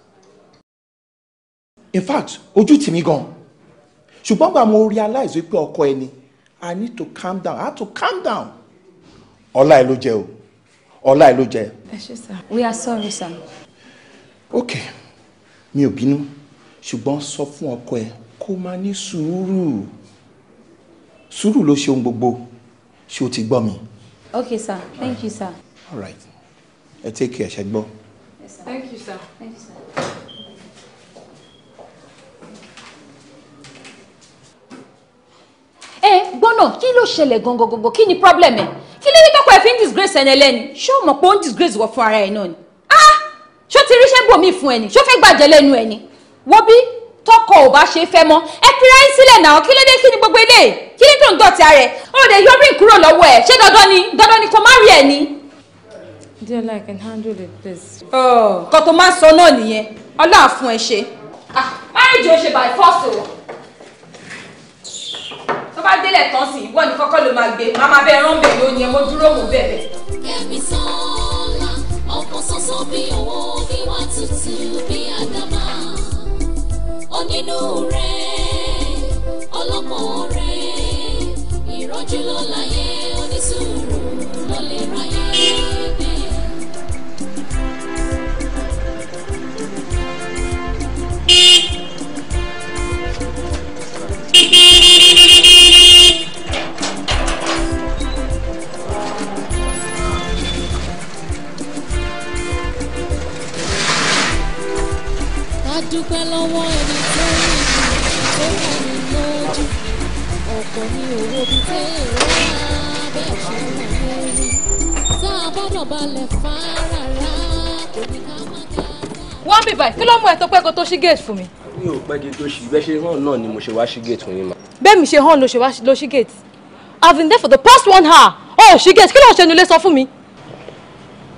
C: in fact ojú ti mi gan ṣùgbọ́n gba mo realize wípé ọkọ ẹni i need to calm down i have to calm down ọlá ẹ ló jẹ o ọlá ẹ ló jẹ. we are sorry sir. ok mi ò bínú ṣùgbọ́n sọ fún ọkọ ẹ kó máa ní sùúrù sùúrù ló ṣe ohun gbogbo ṣé o ti gbọ́ mi.
B: okay sir thank right. you sir.
C: all right ẹ take care ṣe gbọ́.
B: yes sir thank
E: you sir. Thank you, sir.
B: ẹ eh, gbọ́nà kí ló ṣẹlẹ̀ gangan gangan kí ni problem ẹ̀ kí ló ní tọ́kọ ẹ̀ fi ń disgrace ẹni ẹlẹ́ni ṣé o mọ̀ pé ó ń disgrace wọ fún ara ẹ̀ náà ni ah ṣó ti ríṣẹ́ bòmí fún ẹni ṣó fẹ́ gbàjẹ́ lẹ́nu ẹni wọ́n bí tọkọ ò bá ṣe fẹ́ mọ́ ẹ fira yín sílẹ̀ náà kí ló dé kí ni gbogbo ilé kí ni tó dọ̀tí ara ẹ̀ ó lè yọ ring kúrò lọ́wọ́ ẹ̀ ṣé dandan ni dandan ni kò má rí ẹ̀ ni. dear like I can handle it please. Oh, kò tó máa sọ náà nìyẹn ọlọ́run fún ẹ ṣe. Ah, marriage ò ṣe by force o tó bá délẹ̀ tán sí ìwọ ní kọ́kọ́ ló máa gbé màmá bẹ́ẹ̀ rán bẹ́ẹ̀ lónìí ẹ
E: mo dúró mo bẹ̀bẹ̀.
A: kẹ́mi sọ́ọ́lá ọkọ̀ onínúure ọlọ́mọ rẹ ìrọ́jú ló láyé onísùúrù ló ráyé dúpẹ́ lọ́wọ́ ọ̀pọ̀ ní owó bíi téèrè
B: bẹ́ẹ̀ ṣe ń lọ rí tá a bá dọ̀balẹ̀ fà á rárá kò ní wọ́n bì báyìí kí ló mú ẹ tó pẹ́ kó tó ṣí géètì fún mi.
C: mi ò pẹ́ kí n tó ṣí bẹ́ẹ̀ ṣe hàn náà ni mo ṣe wá ṣí géètì fún yín ma.
B: bẹ́ẹ̀ mi ṣe hàn ló ṣe wá ló ṣí géètì I've been there for the past one hour oh ṣí géètì kí ló ń ṣe nulẹ̀ sọ fún mi.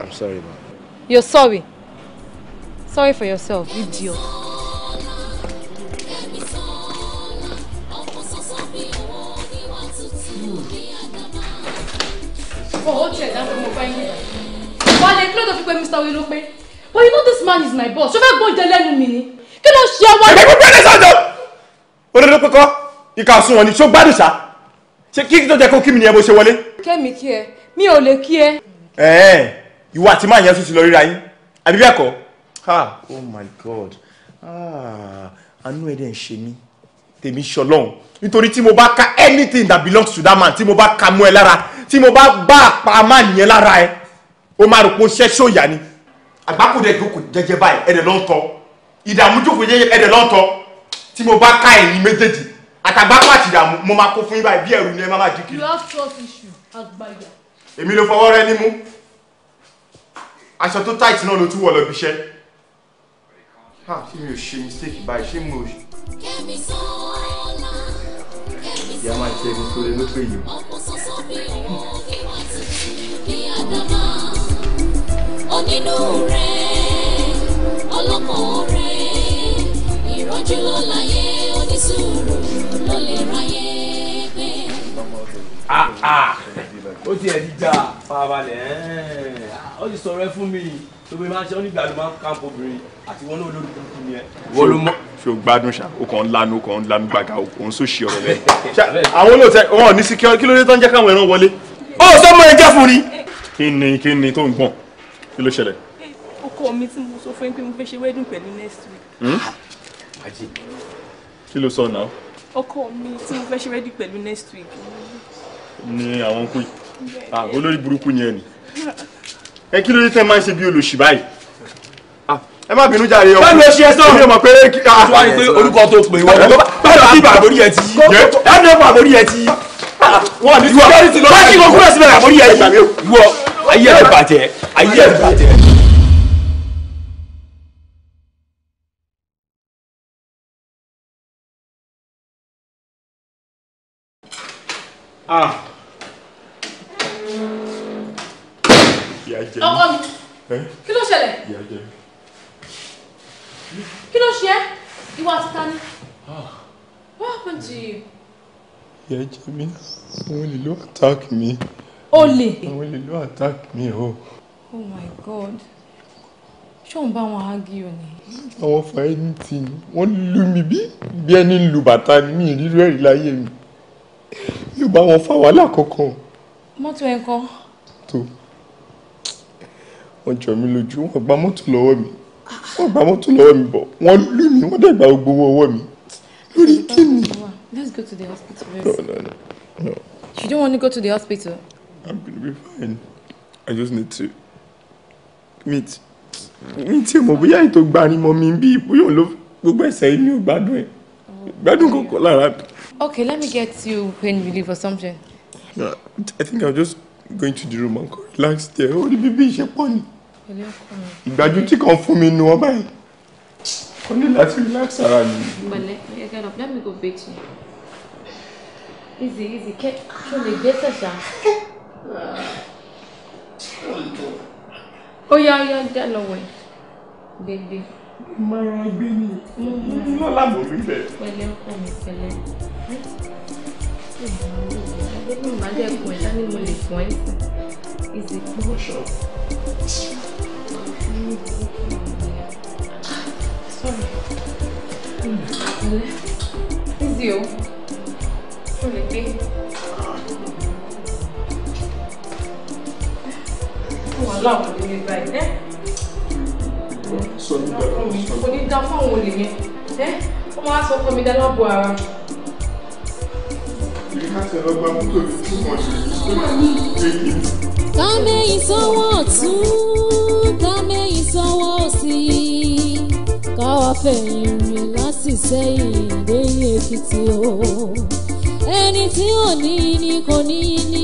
B: I'm sorry ma. You're sorry. Sorry for yourself, idiot. Hold your down from my Wale, Why are tó fi pé Mr. Oyelope? But you know this man is my boss. Ṣé fẹ́ gbọ́ ìjẹ me? Can I share ló ṣe wá? Ẹ̀mí gbogbo ẹ̀rẹ́
F: sọ̀dọ̀. Olórí
C: you ìka ọ̀sùn wọn ni ṣó You sá. Ṣé kí tó jẹ́ kó kí mi ni ẹ bó ṣe wọlé?
B: Kẹ́mi kí ẹ, mi ò lè kí ẹ.
C: Ẹ̀ẹ́ ìwọ àti máa yẹn sùsù Oh my God. Ah, I know Ha! Oh my God! Àánú ẹ̀dẹ̀ ń ṣe mí. Tèmi ṣọlọ́run. Nítorí anything that belongs to that man tí mo bá ka tí mo bá bá àpá má nìyẹn lára ẹ o máa rò pé o ṣẹ́ ṣòyà ni àgbákùdẹ jókòó jẹ́jẹ́ báyìí ẹ̀dẹ̀ ló ń tọ́ ìdààmú jókòó jẹ́jẹ́ ẹ̀dẹ̀ ló ń tọ́ tí mo bá ká ẹ̀yìn méjèèjì àtàgbákò àti ìdààmú mo máa kó fún yín báyìí bí ẹ̀rù ni ẹ má má jí kiri.
B: last trust issue àgbàyà.
C: èmi ló fọwọ́ rẹ nímú aṣọ tó tight náà ló tún wọ̀ lọ bí iṣẹ́ ṣé mi ò ṣe mistake báyìí ṣé mi ṣe. ìyá máa ń ṣe ẹni sórí ló pè yìí
A: onínú rẹ̀ ọlọ́kọ̀ rẹ̀ ìrọ́jú ló láyé
F: ó ti ẹ̀ ti
C: já farabalẹ̀ ó ti sọ̀rọ̀ ẹ fún mi tóbi máa ń ṣe onígbà ló máa ń kàn obìnrin àti wọn náà lórí burúkú ni ẹ. wọ́n ló mọ̀ ṣò gbádùn ṣá o kàn ń lanu o kàn ń lanu gbàgà o kò ń so ṣe ọ̀rọ̀ lẹ́yìn. [laughs] àwọn olóòtú wọn ò ní sí kí ló dé tó ń jẹ́ káwọn ẹran wọlé. ó sọmọ ẹ jẹ́ fún ni. kí ni kí ni tó ń gbọ̀n kí ló ṣẹlẹ̀.
F: ọkọ mi tí mo sọ fún yín pé mo fẹ́ ṣe next week.
C: Hmm? kí ló sọ náà.
F: ọkọ mi tí mo fẹ́ ṣe wedding pẹ̀lú next week
C: ni àwọn kú yìí olórí burúkú ni ẹ nì ẹ kí ló dé tẹ́ máa ń ṣe bí olóṣì báyìí ẹ má bínú jàre ọkùnrin báwo ló ṣe sọ mi ò mọ̀ pé tí wàá ní pé orúkọ tó pè wọ́n báwo ni bàbá orí ẹ ti yé ẹ ní bàbá orí ẹ ti wọn ní ìwọ wọn kò kúrò síbẹ̀ bàbá ẹ ti ìwọ ayé ẹ
D: bàjẹ́ ayé ẹ bàjẹ́. Ah. kí ló ṣẹlẹ̀
B: kí ló ṣe ẹ́ ìwà títa ni ah. what happened to you.
C: ìyá jẹ mí àwọn olè ló attack mi. olè. àwọn olè attack mi o.
B: oh my god ṣé òun bá wọn ági o ni.
C: àwọn fa ẹni tì ní wọ́n lù mí bí bí ẹni lu bàtà ni mí ìrírú ẹ̀rí láyé mi yóò bá wọn fa wàhálà kankan.
B: mọ́tò ẹ̀ kan
C: wọ́n jọ mí lójú wọ́n gba mọ́tò lọ́wọ́ mi wọ́n gba mọ́tò lọ́wọ́ mi bọ̀ wọ́n lù mí wọ́n dẹ̀ gbogbo owó mi
D: lórí kí ni.
B: Let's go to the hospital. No, no,
C: no,
B: no. don't want to go to the hospital?
C: I'm gonna be fine. I just need to meet. Meet tí mo bóyá ètò gbanimọ̀ mi bí bóyá ló gbogbo ẹ̀sẹ̀ mi ò gbádùn ẹ̀. Gbádùn kòkó lára.
B: Okay, let me get you pain relief or something.
C: No, I think I'll just going to the room and go. relax there ó the baby is pọ̀ pony. ìgbàjú tí kan fún mi nu
D: ọba yìí ó ní láti relax ara mi. pẹ̀lẹ́
B: ẹgbẹ náà let me go bait you easy easy kẹ ṣó lè gbé tẹsán. ó yá ó yá já lọ wẹ̀ gbẹgbẹ. mo máa ń gbé mi lọ́la mo rí bẹ́ẹ̀. pẹ̀lẹ́ ọkọ mi pẹ̀lẹ́. Everything magic when animal is going is a closure. Sorry. Mm. Is you? Sorry, babe. you buy, eh? Sorry, babe. When you down for one, eh? Come on, so come in, I love
D: Kàmé ìsanwó
A: ọ̀tún, kàmé ìsanwó òsì, káwá fẹ̀yìn rìn láti sẹ́yìn dé Èkìtì o. Ẹni tí ò ní ni kò ní ní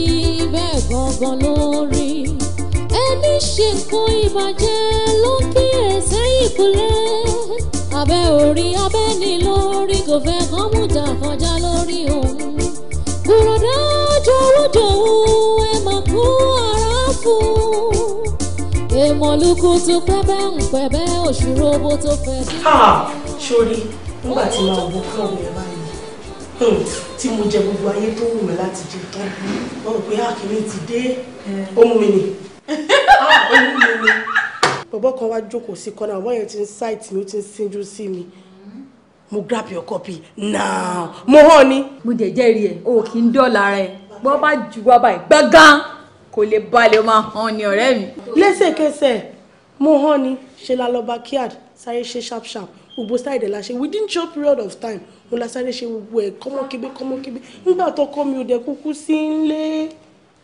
A: bẹ́ẹ̀ gangan lórí. Ẹni ṣe nǹkan ìbàjẹ́ ló kíyè sẹ́yìn kúlẹ̀. Abẹ́ orí abẹ́ ni lórí kò fẹ́ kán mú jà kọjá lórí òun dúró dájọ́ wọ́dọ̀ ẹ máa kú ara fún èmọ̀lúkú tó pẹ́bẹ́ ń pẹ́bẹ́ òṣùrò
E: owó tó fẹ́. sórí nígbà tí màá bọ fún ọ̀rẹ́ báyìí hmm, tí mo jẹ gbogbo ayé tó wù mí láti jẹ tán wọn rò pé àkìrí ah, ti dé ohun eh. mi nì ohun [laughs] ah, mi nì. bọ̀bọ́ kan wá jókòó sí kọ́nà àwọn yẹn ti ń mi ó ti ń síjú mi mo grab your copy now mo hàn ni. mo jẹjẹ rí ẹ o kì í dọ́là rẹ bọ́ bá jù wá báyìí gbọ́ngàn kò
B: lè balẹ̀ o máa hàn ni ọ̀rẹ́ mi.
E: lẹ́sẹ̀kẹsẹ̀ mo hàn ni ṣe la lọ bá sáré ṣe sharp sharp gbogbo sáìdẹ̀ la ṣe within short period of time mo la sáré ṣe gbogbo ẹ̀ kọ́mọ́kébé kọ́mọ́kébé nígbà tó kọ́ mi ò dẹ̀ kúkú sí nílé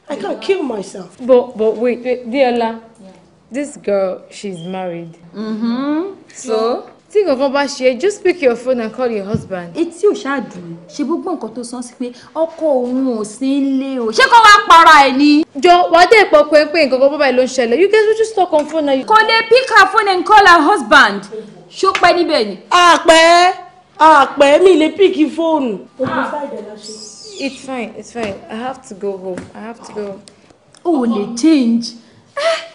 E: i can't kill myself.
B: but but wait wait Deola yeah. this girl she's married. Mm -hmm. so. Yeah tí kankan bá ṣe just pick your phone and call your husband. etí ò ṣáàdùn ṣe gbogbo nǹkan tó sọ sí pé ọkọ òun ò sí nílé o ṣé kó wàá para ẹ ni. jọ wàá dé ìpọ pé pé nǹkan kan bábà ló ń ṣẹlẹ̀ you guys will just talk on phone now. kò lè pick her phone and call her husband ṣó pẹ́ níbẹ̀ ni. àpẹ́ àpẹ́ mi lè píkì fóònù. it's fine it's fine i have to go home i have to go home. o ò lè change. Ah!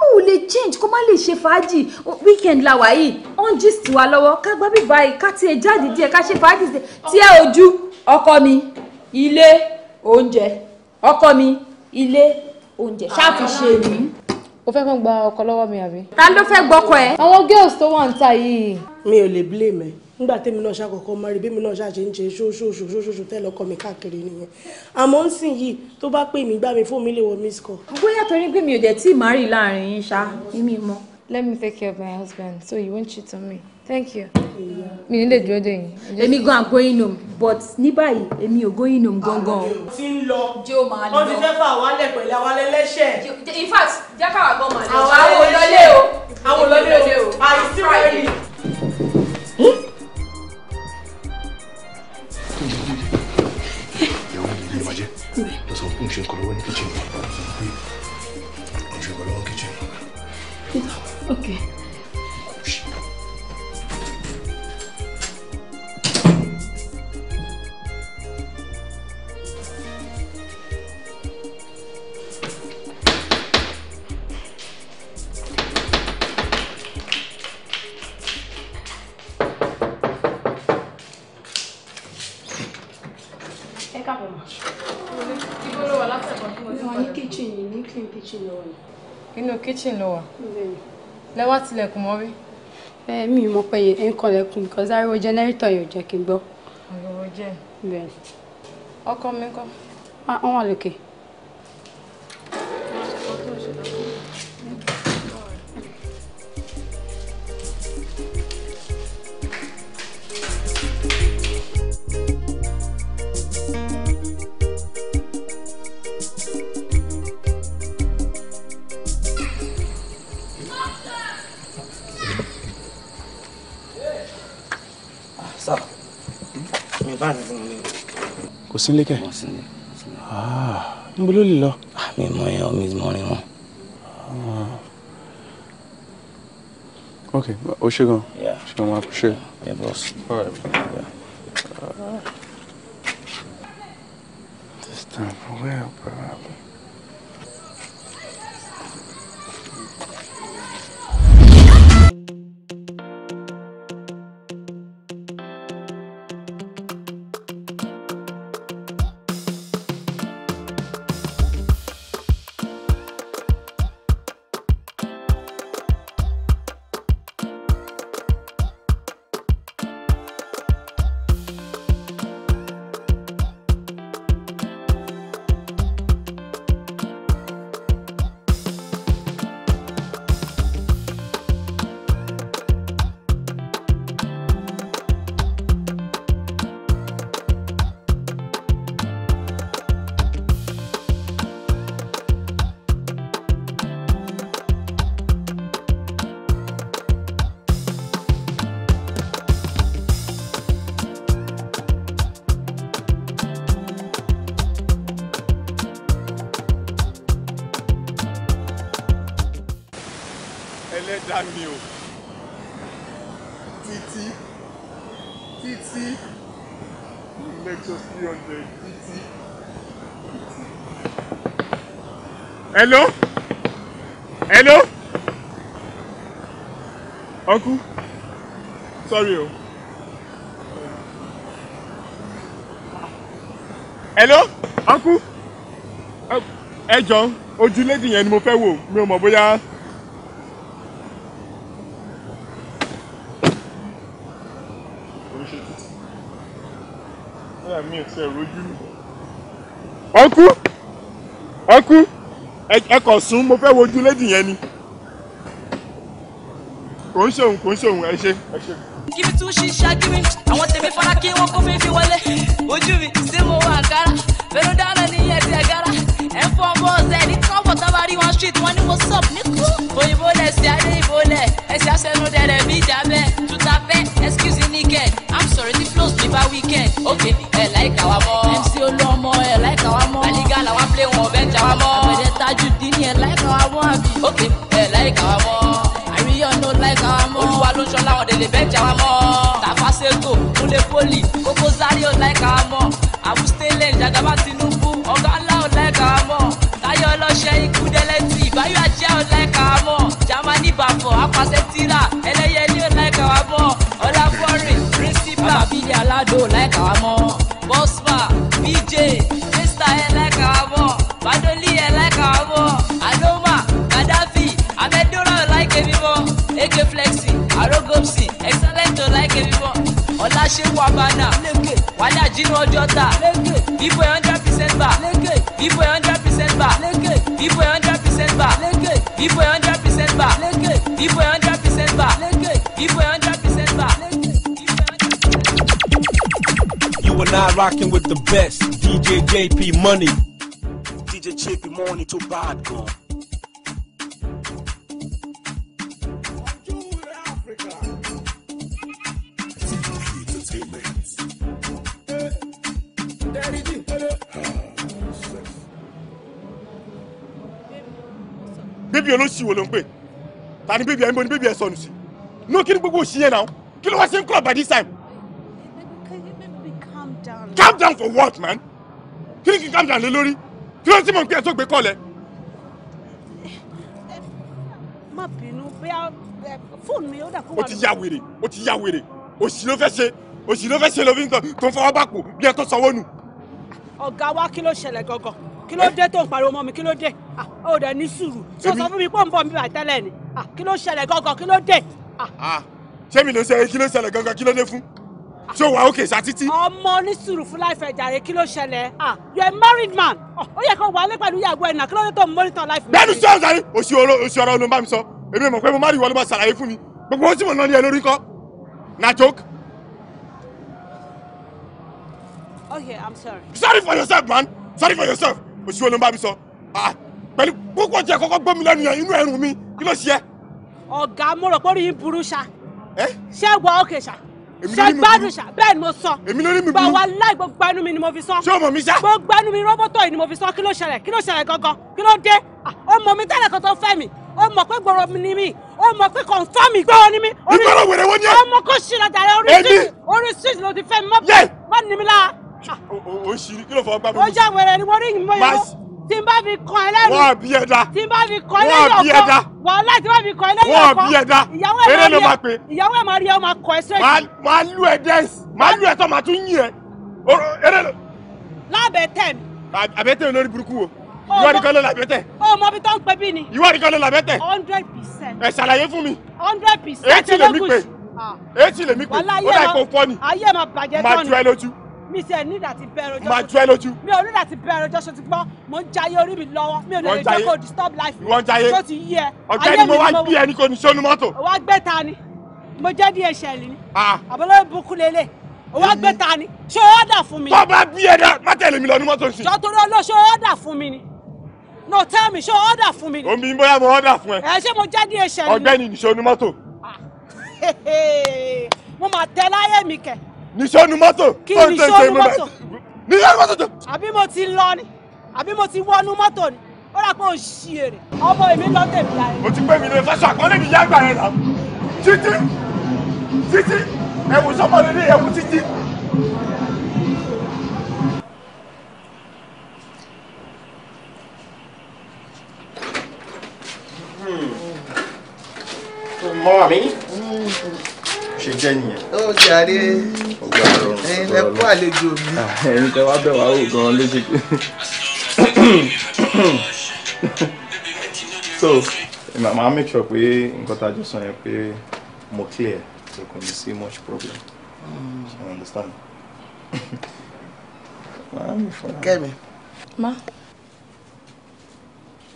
B: o ò lè change kó má lè ṣe fàájì weekend la wà yìí on gist wa lọ́wọ́ ká gbá bíbá yìí ká tiẹ̀ jáde díẹ̀ ká ṣe fàájì tí ẹ ojú ọkọ mi ilé oúnjẹ ọkọ mi ilé oúnjẹ ṣáàfi ṣe mí. o fẹ́ kàn gba ọkọ lọ́wọ́ mi àbí. ta ló fẹ́ gbọ́kọ ẹ.
E: àwọn girls tó wà ń ta yìí. mi ò lè blame ẹ nígbà tèmi náà ṣàkọ́kọ́ mọ rí bẹ́mi náà ṣàṣe ń ṣe ṣóṣóṣó ṣóṣóṣó tẹ́ lọ́kọ mi káàkiri nìyẹn àmọ́ ń sìn yìí tó bá pè mí gbà mí fóun mi lè wọ miss call.
B: bóyá torí pé mi ò dẹ̀ tí ì má rí láàrin yín ṣá èmi mọ. let me take care of my husband so you won't cheat on me thank you. mi ní lè dúró dè yín. èmi gan i'm going home but ní báyìí èmi ò going home gangan. ti ń lọ ó ti fẹ́ fà wálẹ̀ pẹ̀lú àwálẹ̀ lẹ́sẹ̀. in fact jákàwá gan-an mà lè. àwọn àwọn olólè o
E: àwọn olólè o àìsí rẹ̀
C: n ṣe ìkọlọ́wọ́ ní kíchìn mi
B: ok. kitchen ló wà lẹ wá tilẹ̀kùn mọ́ rí. ẹ mi mọ̀ pé ẹ ń kanlẹ̀kùn because ariwo jẹnẹrétọ̀ yóò jẹ́ kí n gbọ́. ariwo jẹ́ ọkọ mi kọ́. wọ́n wà lókè.
C: sílé kẹ. wọ́n sílé. n bolo lè lọ. Ah, mi mọ ẹ ọ mi mọ ẹ wọn. Ah. okay o ṣe gan. ṣe gan ma ṣe. ẹ bọ sí.
D: this time for where bro.
C: hello hello ọkú sorry o oh. hello Hey, John. Um, jọ̀ọ́ ojú lady yẹn ni mo fẹ́ wò mi ò mọ̀
E: Uncle. Uncle
C: ẹ kọ̀ sún mo fẹ́ wojú lédì yẹn ni kò ń ṣòun kò ń ṣòun ẹ ṣe ẹ ṣe.
F: kíbi tún ṣe ṣáájú mi àwọn tèmi fara kí wọn kó fífi wọlé ojú mi sí mo wà kára fẹnu dára ní ẹsẹ àgárá ẹ fọ ọmọ ọsẹ ní tọwọ tábà rí wọn street wọn ni mo sọp ní kú òyìnbó lẹsẹ adé ìbò lẹ ẹsẹ aṣẹnu dẹrẹ bí ìjà bẹ tuta fẹ excuse me nigga i'm sorry the flows mi bá weekend okay ẹ láìka wa mọ mc olú ọmọ ẹ láìka. ìjà wa mọ́ Tafa Seto Kúnlé Poli Koko Zaria ò láìka wa mọ́ àwùstélẹ̀ ìjàgàbá Tinubu ọ̀gá ńlá ò láìka wa mọ́ Táyọ̀ ọlọ́ṣẹ́ ikú dẹ́lẹ́tì Ìbáyọ̀ ajẹ́ ò láìka wa mọ́ Jamani Bàfọ̀ apàṣẹ tira. ẹlẹ́yẹ ní ò láìka wa mọ́ Ọlábọ̀rìn pírísípà Bídé Aládò ò láìka wa mọ́. ṣe wà bànà ọjọ́ ta ẹ̀ hundred percent bá ẹ̀ hundred percent bá ẹ̀ hundred percent bá ẹ̀ hundred percent bá ẹ̀ hundred percent bá ẹ̀ hundred percent bá. You are not
C: rocking with the best DJ JP Money.
F: DJ JP Money tó bad
C: gan. bébí ẹ ló ṣì wò ló ń pè ta ni bébí ẹ níbo ni bébí ẹ sọnù sí no kí ni gbogbo òṣì yẹn náà kí ló wá sí ń club by this time. calm down for what man kí ni kí n calm down lé lórí kí ló ń símọ̀ pé ẹ tó gbé kọ́ lẹ.
E: má bínú bóyá fóònù mi ó dà kó wà o ti ya
C: wèrè o ti ya wèrè òṣì ló fẹ́ ṣe òṣì ló fẹ́ ṣe lóbi nǹkan tó ń fọwọ́ bá pò bí ẹ tó
E: sanwó nù. ọ̀gá wa kí ló ṣẹlẹ̀ gangan kí ló dé tó ń pariwo mọ́ mi kí ló dé ah, ó dẹ̀ ní sùúrù tí o sọ fún mi pọ̀ ń bọ̀ mi bá tẹ́lẹ̀ ni ah, kí ló ṣẹlẹ̀ gangan kí ló dé. Ah. ṣé mi ló ṣe kí ló ṣẹlẹ̀ gangan kí ló dé fún ṣé o wà òkè sátítí. ọmọ ní sùúrù fún láìfẹ jàre kí ló ṣẹlẹ̀ you are a married man oh, ó yẹ kó wà lé pẹ̀lú ìyàwó ẹ̀ náà kí ló dé tó ń monitor life. bẹ́ẹ̀ni sọ ọ
C: sáré oṣù ọ̀rọ̀ oṣù ọ̀rọ̀ ló ń bá mi sọ èmi mọ̀ pé mo má rí ìwọ ló bá ṣàlàyé fún mi gbogbo ohun tí mo ná ní ẹ lórí kọ́ na joke.
E: okay i'm sorry. sorry for yourself man sorry for yourself òsì wo ló ń bá mi sọ ah, pẹ̀lú púpọ̀ jẹ́ kọ́kọ́ gbọ́ mi lẹ́nu yẹn inú ẹ̀rù mi kí ló ṣe é. ọ̀gá mo rò pé orí yín burú ṣá ṣé wà ókè ṣá ṣe gbádùn ṣá bẹ́ẹ̀ ni mo sọ èmi lórí mi burú bàwa láì gbogbo ẹnu mi ni mo fi sọ ṣé o mọ̀ mi ṣá gbogbo ẹnu mi rọ́bọ́tọ̀ yìí ni mo fi sọ kí ló ṣẹlẹ̀ kí ló ṣẹlẹ̀ gangan kí ló dé O ah, mọ̀ mi tẹ́lẹ̀ kan tó fẹ́ mi ó mọ̀ pé gbòòrò mi ni mi ó mọ̀ pé confam ìgbọ́ ni mi. ìgbọ́rọ̀ wèrè wọ́n yẹ. ọmọ kò ṣìlẹ̀ dàrẹ́ orí street orí street ló ti fẹ́ mọ́ bí má nìmi la o ṣiri kí ló fọ gbàgbé. ó jà wẹrẹ ni wọn rí ìmọ̀ yẹn tí n bá fi kàn ẹ lẹ́rù. wọ́n bí ẹ da. tí n bá fi kàn ẹ lẹ́yìn ọkọ wọ́n bí ẹ da. wàhálà tí n bá fi kàn ẹ lẹ́yìn ọkọ. wọ́n bí ẹ da. ìyàwó ẹ̀ máa rí ìyàwó ẹ̀ máa rí ẹ ó máa kọ ẹ sẹ́yìn. máa lù ẹ dẹ́sì máa lù ẹ tó máa tún yín ẹ. eré lọ. lábẹ́ tẹ̀ mi. àbẹ́ tẹ̀ mi lórí burúkú o. ìwọ nìkan ló làbẹ́ tẹ̀. o mọ bí tó ń pẹ́ bí ni. ìwọ nìkan ló làbẹ́ tẹ̀. hundred percent. ẹ ṣàlàyé fún mi. hundred percent. etí lèmi pè.
D: etí lèmi pè. ó dà
E: mi ti ẹ̀ ní ìdàtí bẹ̀rẹ̀ ọjọ́. máa jọ ẹ lójú. mi ò ní ìdàtí bẹ̀rẹ̀ ọjọ́ ṣe ti gbọ́ mo ń jayé orí mi lọ́wọ́ mi ò lè jẹ́ kó disturb life mi. ìwọ ń jayé tó ti yí ẹ. ọ̀gá ni mo wá gbé ẹni kò ní sónú mọ́tò. wá gbé ta ni mo jẹ́ díẹ̀ ṣẹ̀lì ni. Ah. àbọ̀lọ́ ìbùkún lélẹ̀ wá gbé ta ni ṣé ó dà fún mi. tó bá ẹ dá má tẹ̀lé mi lọ ní mọ́tò sí. jọ torí olóò ṣé ó dà fún mi ni no tell me ṣé ó dà fún mi ni. omi bóyá mo ọ̀dà fún ẹ. ẹ ṣé mo jẹ́ díẹ̀ ṣẹ̀lì ni. ọ̀gbẹ́ni
C: nìṣó ni mọ́tò. Ah,
E: [laughs] mo máa tẹ láyé mi kẹ̀
C: níṣẹ́ nu mọ́tò. kí níṣẹ́ nu mọ́tò.
E: níṣẹ́ nu mọ́tò tó. àbí mo ti lọ ni àbí mo ti wọnú mọ́tò ni ó rà pé ò ṣì èrè ọmọ èmi lọ tẹ̀mí la mo ti pẹ́ mi lè fásọ àkọọ́lẹ̀ mi yá gbà yẹn náà títí
C: títí ẹ̀wù sọ́mọdé ní ẹ̀wù títí. Mommy. Hmm. mm ṣe jẹ́ nìyẹn. ó jàre ẹ kú àlejò mi. Ah, ẹ̀rín tẹ wá bẹ̀ wá wò gan-an létí. [coughs] so màá make sure pé nǹkan tá a jọ sọ yẹn pé mo clear so kò ní sí much problem mm. [laughs] you understand. kẹ́mi. ma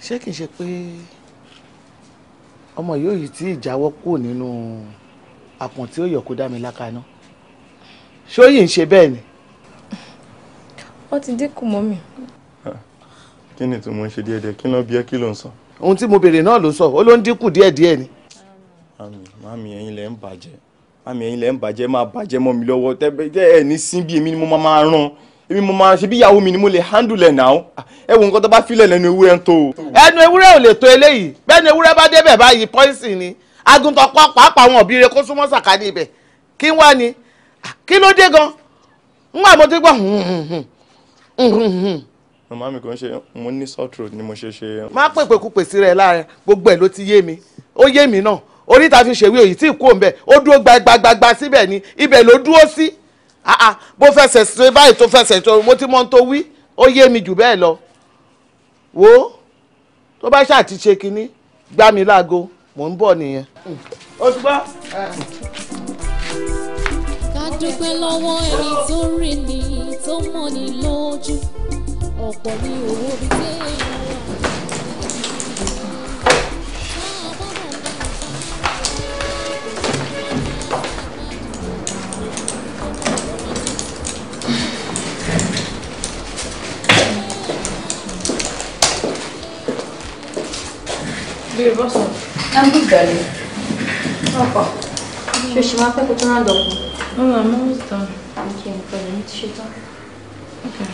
C: ṣé kì í ṣe pé ọmọ yóò yìí tí ìjáwọ́ kúrò nínú. No àpọ̀ntí ó yọ kó dá mi lákaná ṣóyì ń ṣe bẹ́ẹ̀ ni.
B: wọ́n ti dínkù mọ́ mi.
C: kí ni tí mo ń ṣe díẹ̀díẹ̀ kí ló bí ẹ kí ló ń sọ. ohun tí mo béèrè náà ló sọ ó ló ń dínkù díẹ̀díẹ̀ ni. mami mami ẹ̀yin lẹ ń bàjẹ́ mami ẹ̀yin lẹ ń bàjẹ́ máa bàjẹ́ mọ́ mi lọ́wọ́ tẹ́ ẹ ní sín bí èmi ni mo máa máa ràn èmi mo máa ṣe bí ìyàwó mi ni mo lè handle ẹ̀ náà ah, ẹ wo nǹkan tó bá filẹ̀ lẹ́nu ewúrẹ́ ń tó. ẹnu ewúrẹ́ ò lè tó eléyìí bẹ́ẹ̀ ni ewúrẹ́ bá débẹ̀ báyìí pọ́ìsì ni aguntàn kan pàápàá àwọn òbí rẹ kó súnmọ́ sàkání ibẹ̀ kí wá ni kí ló dé gan n wà mo ti gbọ́ màmá mi kò ń ṣe mo ní salt road ni mo ṣe ṣe. má pèpè kú pèsè rẹ lára gbogbo ẹ ló ti yé mi ó yé mi náà oríta fi ṣèwé òyì tí kò ń bẹ ó dúró gbagbagbagba síbẹ̀ ni ibẹ̀ ló dúró sí bó fẹsẹ̀ ṣe báyìí tó fẹsẹ̀ tó mo ti mọ ohun tó wí ó yé mi jù bẹ́ẹ̀ lọ wo tó bá ṣáà ti gbá mi láago mò ń bọ̀ nìyẹn. ó ti gbọ́.
A: ká dúpẹ́ lọ́wọ́ ẹni tó rìn ní tó mọ̀ ní lójú ọ̀pọ̀ ní owó bíi téèyàn.
B: Buyur I'm good, darling. Papa, ṣé o ṣe máa pẹ́ kó tó rán dọ̀kun?
D: No, no, I'm almost
B: done. Thank you, nǹkan ìlú ti ṣe tán. Okay.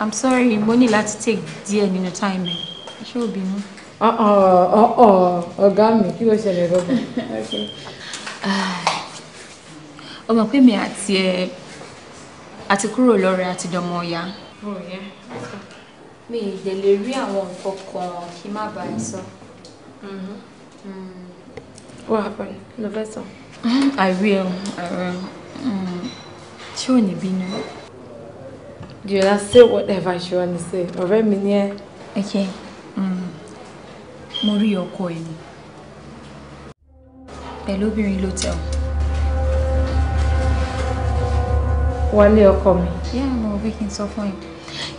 B: I'm sorry, mo ní láti take díẹ̀ nínú time ẹ̀. Ṣé o bínú? Ọ̀gá mi, kí ló ṣẹlẹ̀ gbọ́dọ̀? Ọmọ pé mi àti ẹ àti kúrò lọ́rẹ̀ àti dọmọ ọ̀yá. Mi ì dẹ̀ lè rí àwọn nǹkan kan kí n má bàa sọ. So. Mm-hmm. What happened? The [laughs] vessel. I will. I will. Mm. Ṣé be ní You Diola, say whatever she want to say. Over mi ni Okay. Mm. Mo rí ọkọ ẹ̀ ni. Pẹ̀lú obìnrin ló tẹ̀ ọ́. mi. Yeah, I'm wí kí n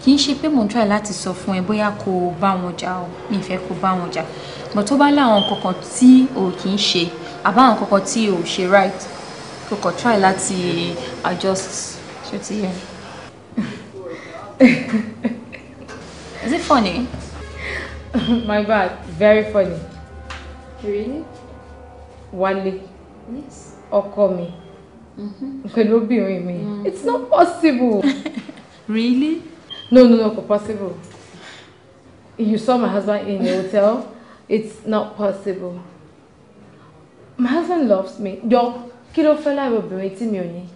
B: kì í ṣe pé mò ń try láti sọ fún ẹ bóyá kó o bá wọn jà o mi fẹ́ kó o bá wọn jà but tó bá láwọn kankan tí o kì í ṣe àbá àwọn kankan tí o ṣe right kò try láti adjust ṣó ti yẹ. [laughs] Is it funny? [laughs] My bad, very funny. Really? Wálé. Yes. Ọkọ mi. Mm-hmm. Pẹ̀lú obìnrin mi. Mm. It's not possible. [laughs] Really? No, no, no, possible. You saw my husband in the hotel. It's not possible. My husband loves me. Yo, kí ló will be obìnrin me only. ò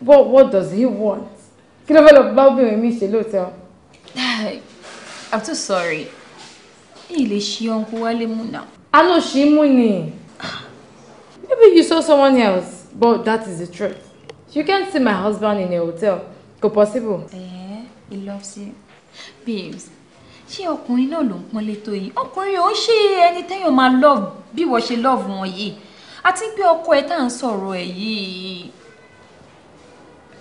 B: What, what does he want? Kí ló will be bá me in the hotel. I'm too sorry. Èyí lè ṣe ọ̀nkú wálé mú náà. A lọ ṣì mú [sighs] Maybe you saw someone else, but that is the truth. You can't see my husband in a hotel kò possible. ẹ̀ẹ́ he loves you babes ṣé ọkùnrin náà ló ń pọ́nlé tó yìí ọkùnrin ò ṣe ẹni téèyàn máa love bí wọ́n ṣe love wọn yìí àti pé ọkọ ẹ tá à ń sọ̀rọ̀ ẹ̀ yìí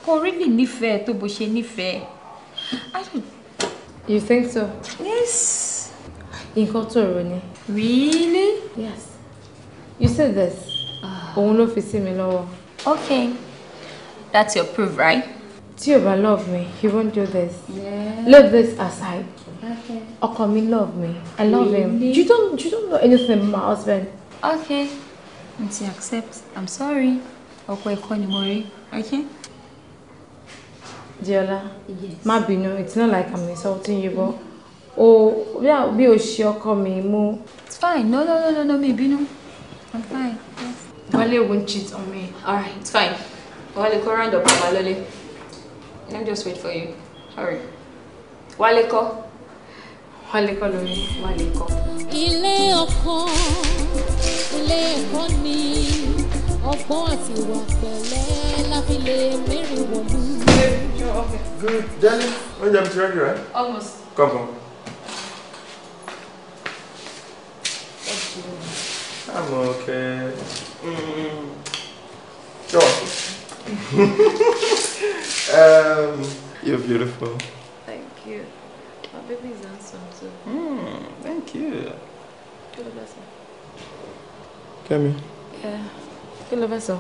B: kò really nífẹ̀ẹ́ tó bó ṣe nífẹ̀ẹ́. you think so. yes. nǹkan tó rò ni. really. yes you said this. Ah. òun ló fi sí mi lọ́wọ́. okay that's your proof right tí o bá love me He won't do this yeah.
D: leave this aside
B: okay. ọkọ mi love me I love really? him you don't you don't know anything about my husband. okay until you accept I'm sorry ọ̀pọ̀ ẹ̀kọ́ ni mo rí okay. Diola yes. má bínú it's not like I'm insulting you but o bí o ṣe ọkọ mi mú. it's fine no no no no no mi bínú I'm fine. Yes. Wale won't cheat on me. Alright, it's fine. Wale, go round up Mama Lole. Let me just wait for you. Hurry. Wálé kọ́. Wálé kọ́ lórí. Wálé kọ́.
A: Ilé ni ọgbọ́n àti ìwà pẹ̀lẹ́ lábílẹ̀ mẹ́rin wọ̀lú.
C: Good, darling. Oúnjẹ you ti ready, right? Almost. Come, come. I'm okay. Mm. Sure. [laughs] Um, You're beautiful.
B: Thank you. My baby is handsome too. Mm, thank you. Kí ló fẹ́ Kemi. Yeah. Kí ló fẹ́ sọ?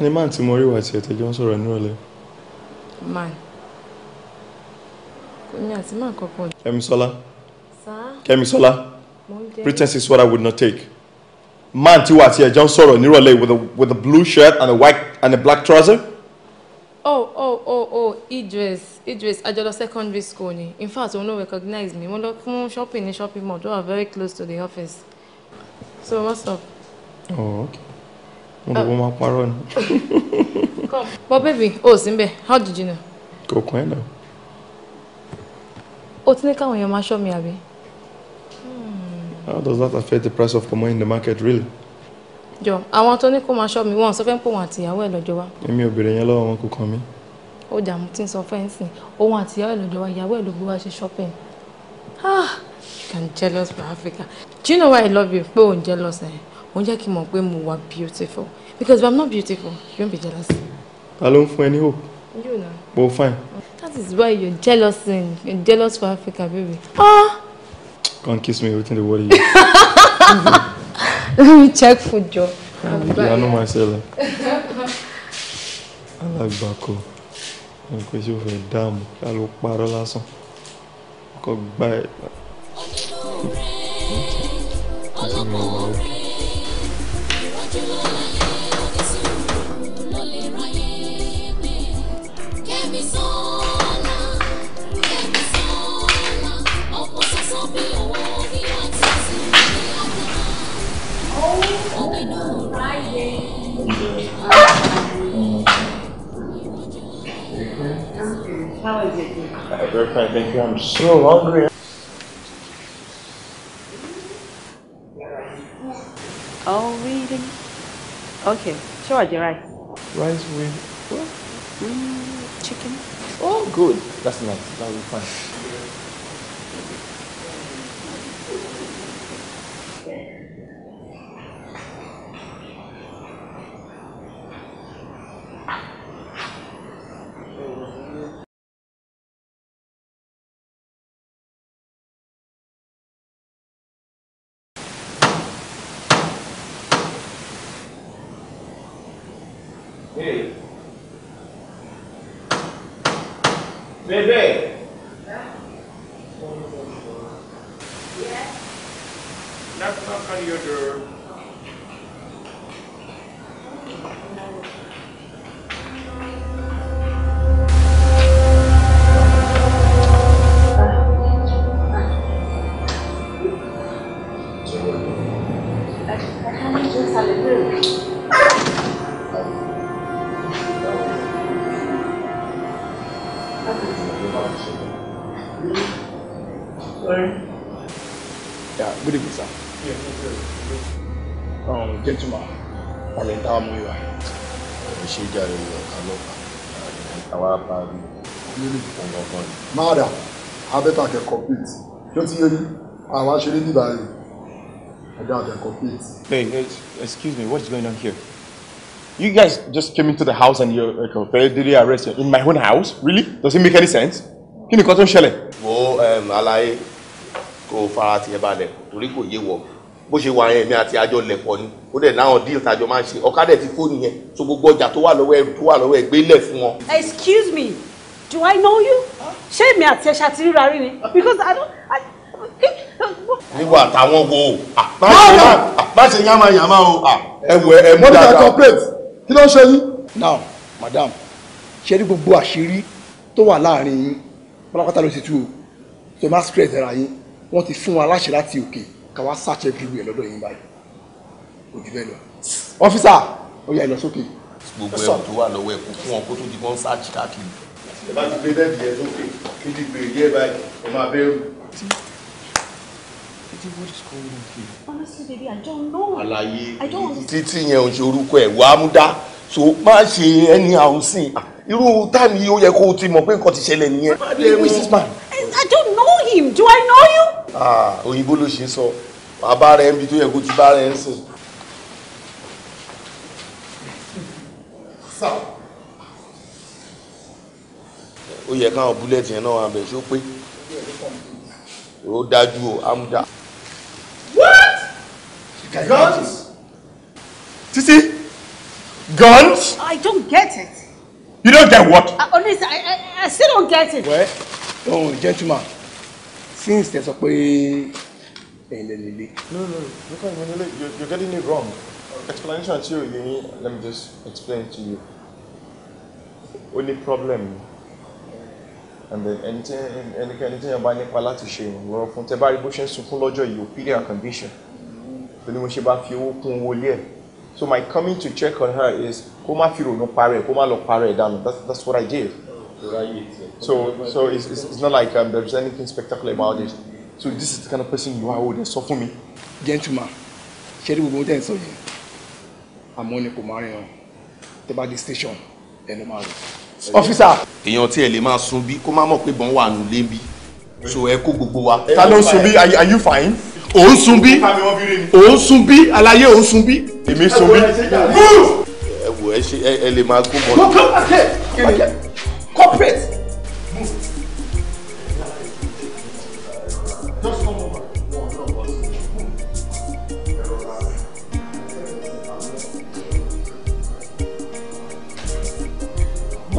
C: Ani máa ti was here. àti ẹ̀tẹ́jọ́ ń sọ̀rọ̀ nírọ̀lẹ́.
B: Man. Kòmí àti máa kọ́kọ́.
C: Kẹ́misọ́lá. Sá. Pretense is what I would not take. Man tiwa àti ẹ̀jọ́ ń sọ̀rọ̀ nírọ̀lẹ́ with a with a blue shirt and a white and a black trouser
B: oh oh oh oh idris idris ajọlọ secondary school ni in fact òun ló recognize me mo lọ fún shopping ní shopping mall tó wà very close to the office so what's up.
C: oh okay mo gbogbo ah. máa parọ́ ni.
B: come but baby o oh, sí nbẹ how did you know. kò kún ẹ náà. o ti ní káwọn èèyàn máa ṣọ́ mi àbí.
C: how does that affect the price of common in the market really
B: jọ àwọn tó ní kó máa ṣọ́ mi wọ́n sọ fẹ́ ń pò wọn àtìyàwó ẹ̀ lọ́jọ́ wa.
C: èmi ò béèrè yẹn lọ́wọ́ wọn kò kàn mí.
B: ó dà mo ti ń sọ fẹ́ǹsì òun àtìyàwó ẹ̀ lọ́jọ́ wa ìyàwó ẹ̀ ló gbé wá ṣe shopping. ah you can jealous for Africa do you know why I love you pé òun jealous ẹ̀ eh? òun jẹ́ kí n mọ̀ pé mo wà beautiful because if I'm not beautiful you won't be jealous.
D: ta ló
C: ń fún ẹ ní hope. you na. mo fine.
B: that is why you're jealous in eh? you're jealous for Africa baby. ah.
C: come kiss me Everything dey worry you.
B: [laughs] let [laughs] me check food Joe.
C: I know ṣẹlẹ̀ [laughs] alágbàkọ nǹkan tí ó I'm crazy for ló parọ́ I look parallel. ẹ̀. Thank you.
D: How is it? Roberta, I think I'm so
C: hungry.
E: Oh, really? Okay, sure, your rice. Rice with what? Mm,
C: chicken. Oh, good. That's nice. That will be fine. tó ti yẹri àwọn aṣeré nígbà rẹ̀ ẹ̀dá àti ẹ̀kọ́ pete. excuse me, what is going on here? You guys just came into the house and you're like, okay, did arrest in my own house? Really? Does it make any sense? Kí ni nǹkan tó ń ṣẹlẹ̀? Wo um, àlàyé kò fara tiẹ̀ balẹ̀ torí kò yé wọ̀ bó ṣe wà yẹn mi àti àjọ lẹ̀pọ̀ ni ó dẹ̀ náà díìl tàjọ máa ń ṣe ọ̀kadà ti fóònù yẹn so gbogbo ọjà tó wà lọ́wọ́ ẹ̀ gbé lẹ̀ fún wọn.
E: Excuse me do I know you? ṣé èmi àti ẹ̀ṣà ti ríra rí ni? because
D: I don't. I,
C: níwọ àtàwọn wo má ah, ah, ṣe yá máa yà máa o ẹwẹ ah, ẹmú dáadáa. mọ́tò corporate kí ló ń ṣe yín. now madam ṣe rí gbogbo àṣírí tó wà láàrin yín pátápátá ló ti tú o tó má stress ẹ̀ra yín wọ́n ti fún wa láṣẹ láti òkè káwa search everywhere lọ́dọ̀ yín báyìí kò jù bẹ́ẹ̀ lọ. ọ́fíìsà ó yá ìlọsókè. gbogbo ẹ̀rù tó wà lọ́wọ́ ẹ̀kú fún wọn kó tó di kọ́ńsáàtì ẹ ti gbé bẹ́ẹ̀dì yẹn sókè kí ti gbé yẹ báyìí ẹ máa bẹ̀rù.
E: Honestly, baby, I don't know.
C: Àlàyé títí yẹn ò ṣe orúkọ ẹ̀ wàá mú dá so má ṣe ẹni àwọn sìn irú táìmù yìí ó yẹ kó o ti mọ̀ pé nǹkan ti ṣẹlẹ̀ nìyẹn.
E: I don't know him do I know
C: you. Ah, òyìnbó ló ṣe sọ bàbá rẹ̀ ń bi tó yẹ kó ti bá rẹ̀ ń sìn ó yẹ káwọn búlẹ̀tì yẹn náà wà bẹ̀ ṣó ó dájú o amúdá.
E: what guns
C: títí guns.
E: i don't get it.
C: you don't get what.
E: Uh, honestly I, I, i still don't get it.
C: well oh gentleman since tẹ sọ pé ẹlẹlẹlẹ. no no look at me you're, you're getting it wrong explanation ti o yẹ let me just explain to you Only problem ẹni tí ẹnikẹ́ni tí yẹn bá nípa láti ṣe ìrànlọ́wọ́ fún tẹ bá rí bó ṣe ń sunkún lọ́jọ́ yìí òpìlẹ̀ and condition tó ní mo ṣe bá fi owó kún owó lé ẹ̀ so my coming to check on her is kó má fi ronú parẹ́ kó má lọ parẹ́ dànù that's that's what I did so so it's it's, not like um, there's anything spectacular about it so this is the kind of person you are o de sọ fún mi. gentleman ṣé ní gbogbo tẹ́ ń sọ yẹn àmọ́ ni kò má rìn hàn tẹ́ bá di station ẹnu máa rìn ọfíìsà. èèyàn tí ẹ lè máa sun bí kó má mọ̀ pé bọ́n wà nù lé bí so ẹ kó gbogbo wa. ta ló ń sun bí are you fine. ò ń sun bí ò ń sun bí aláyé ò ń sun bí. èmi sun bí. ẹ wò ẹ ṣe ẹ lè máa kó
E: bọ́ọ̀lù. corporate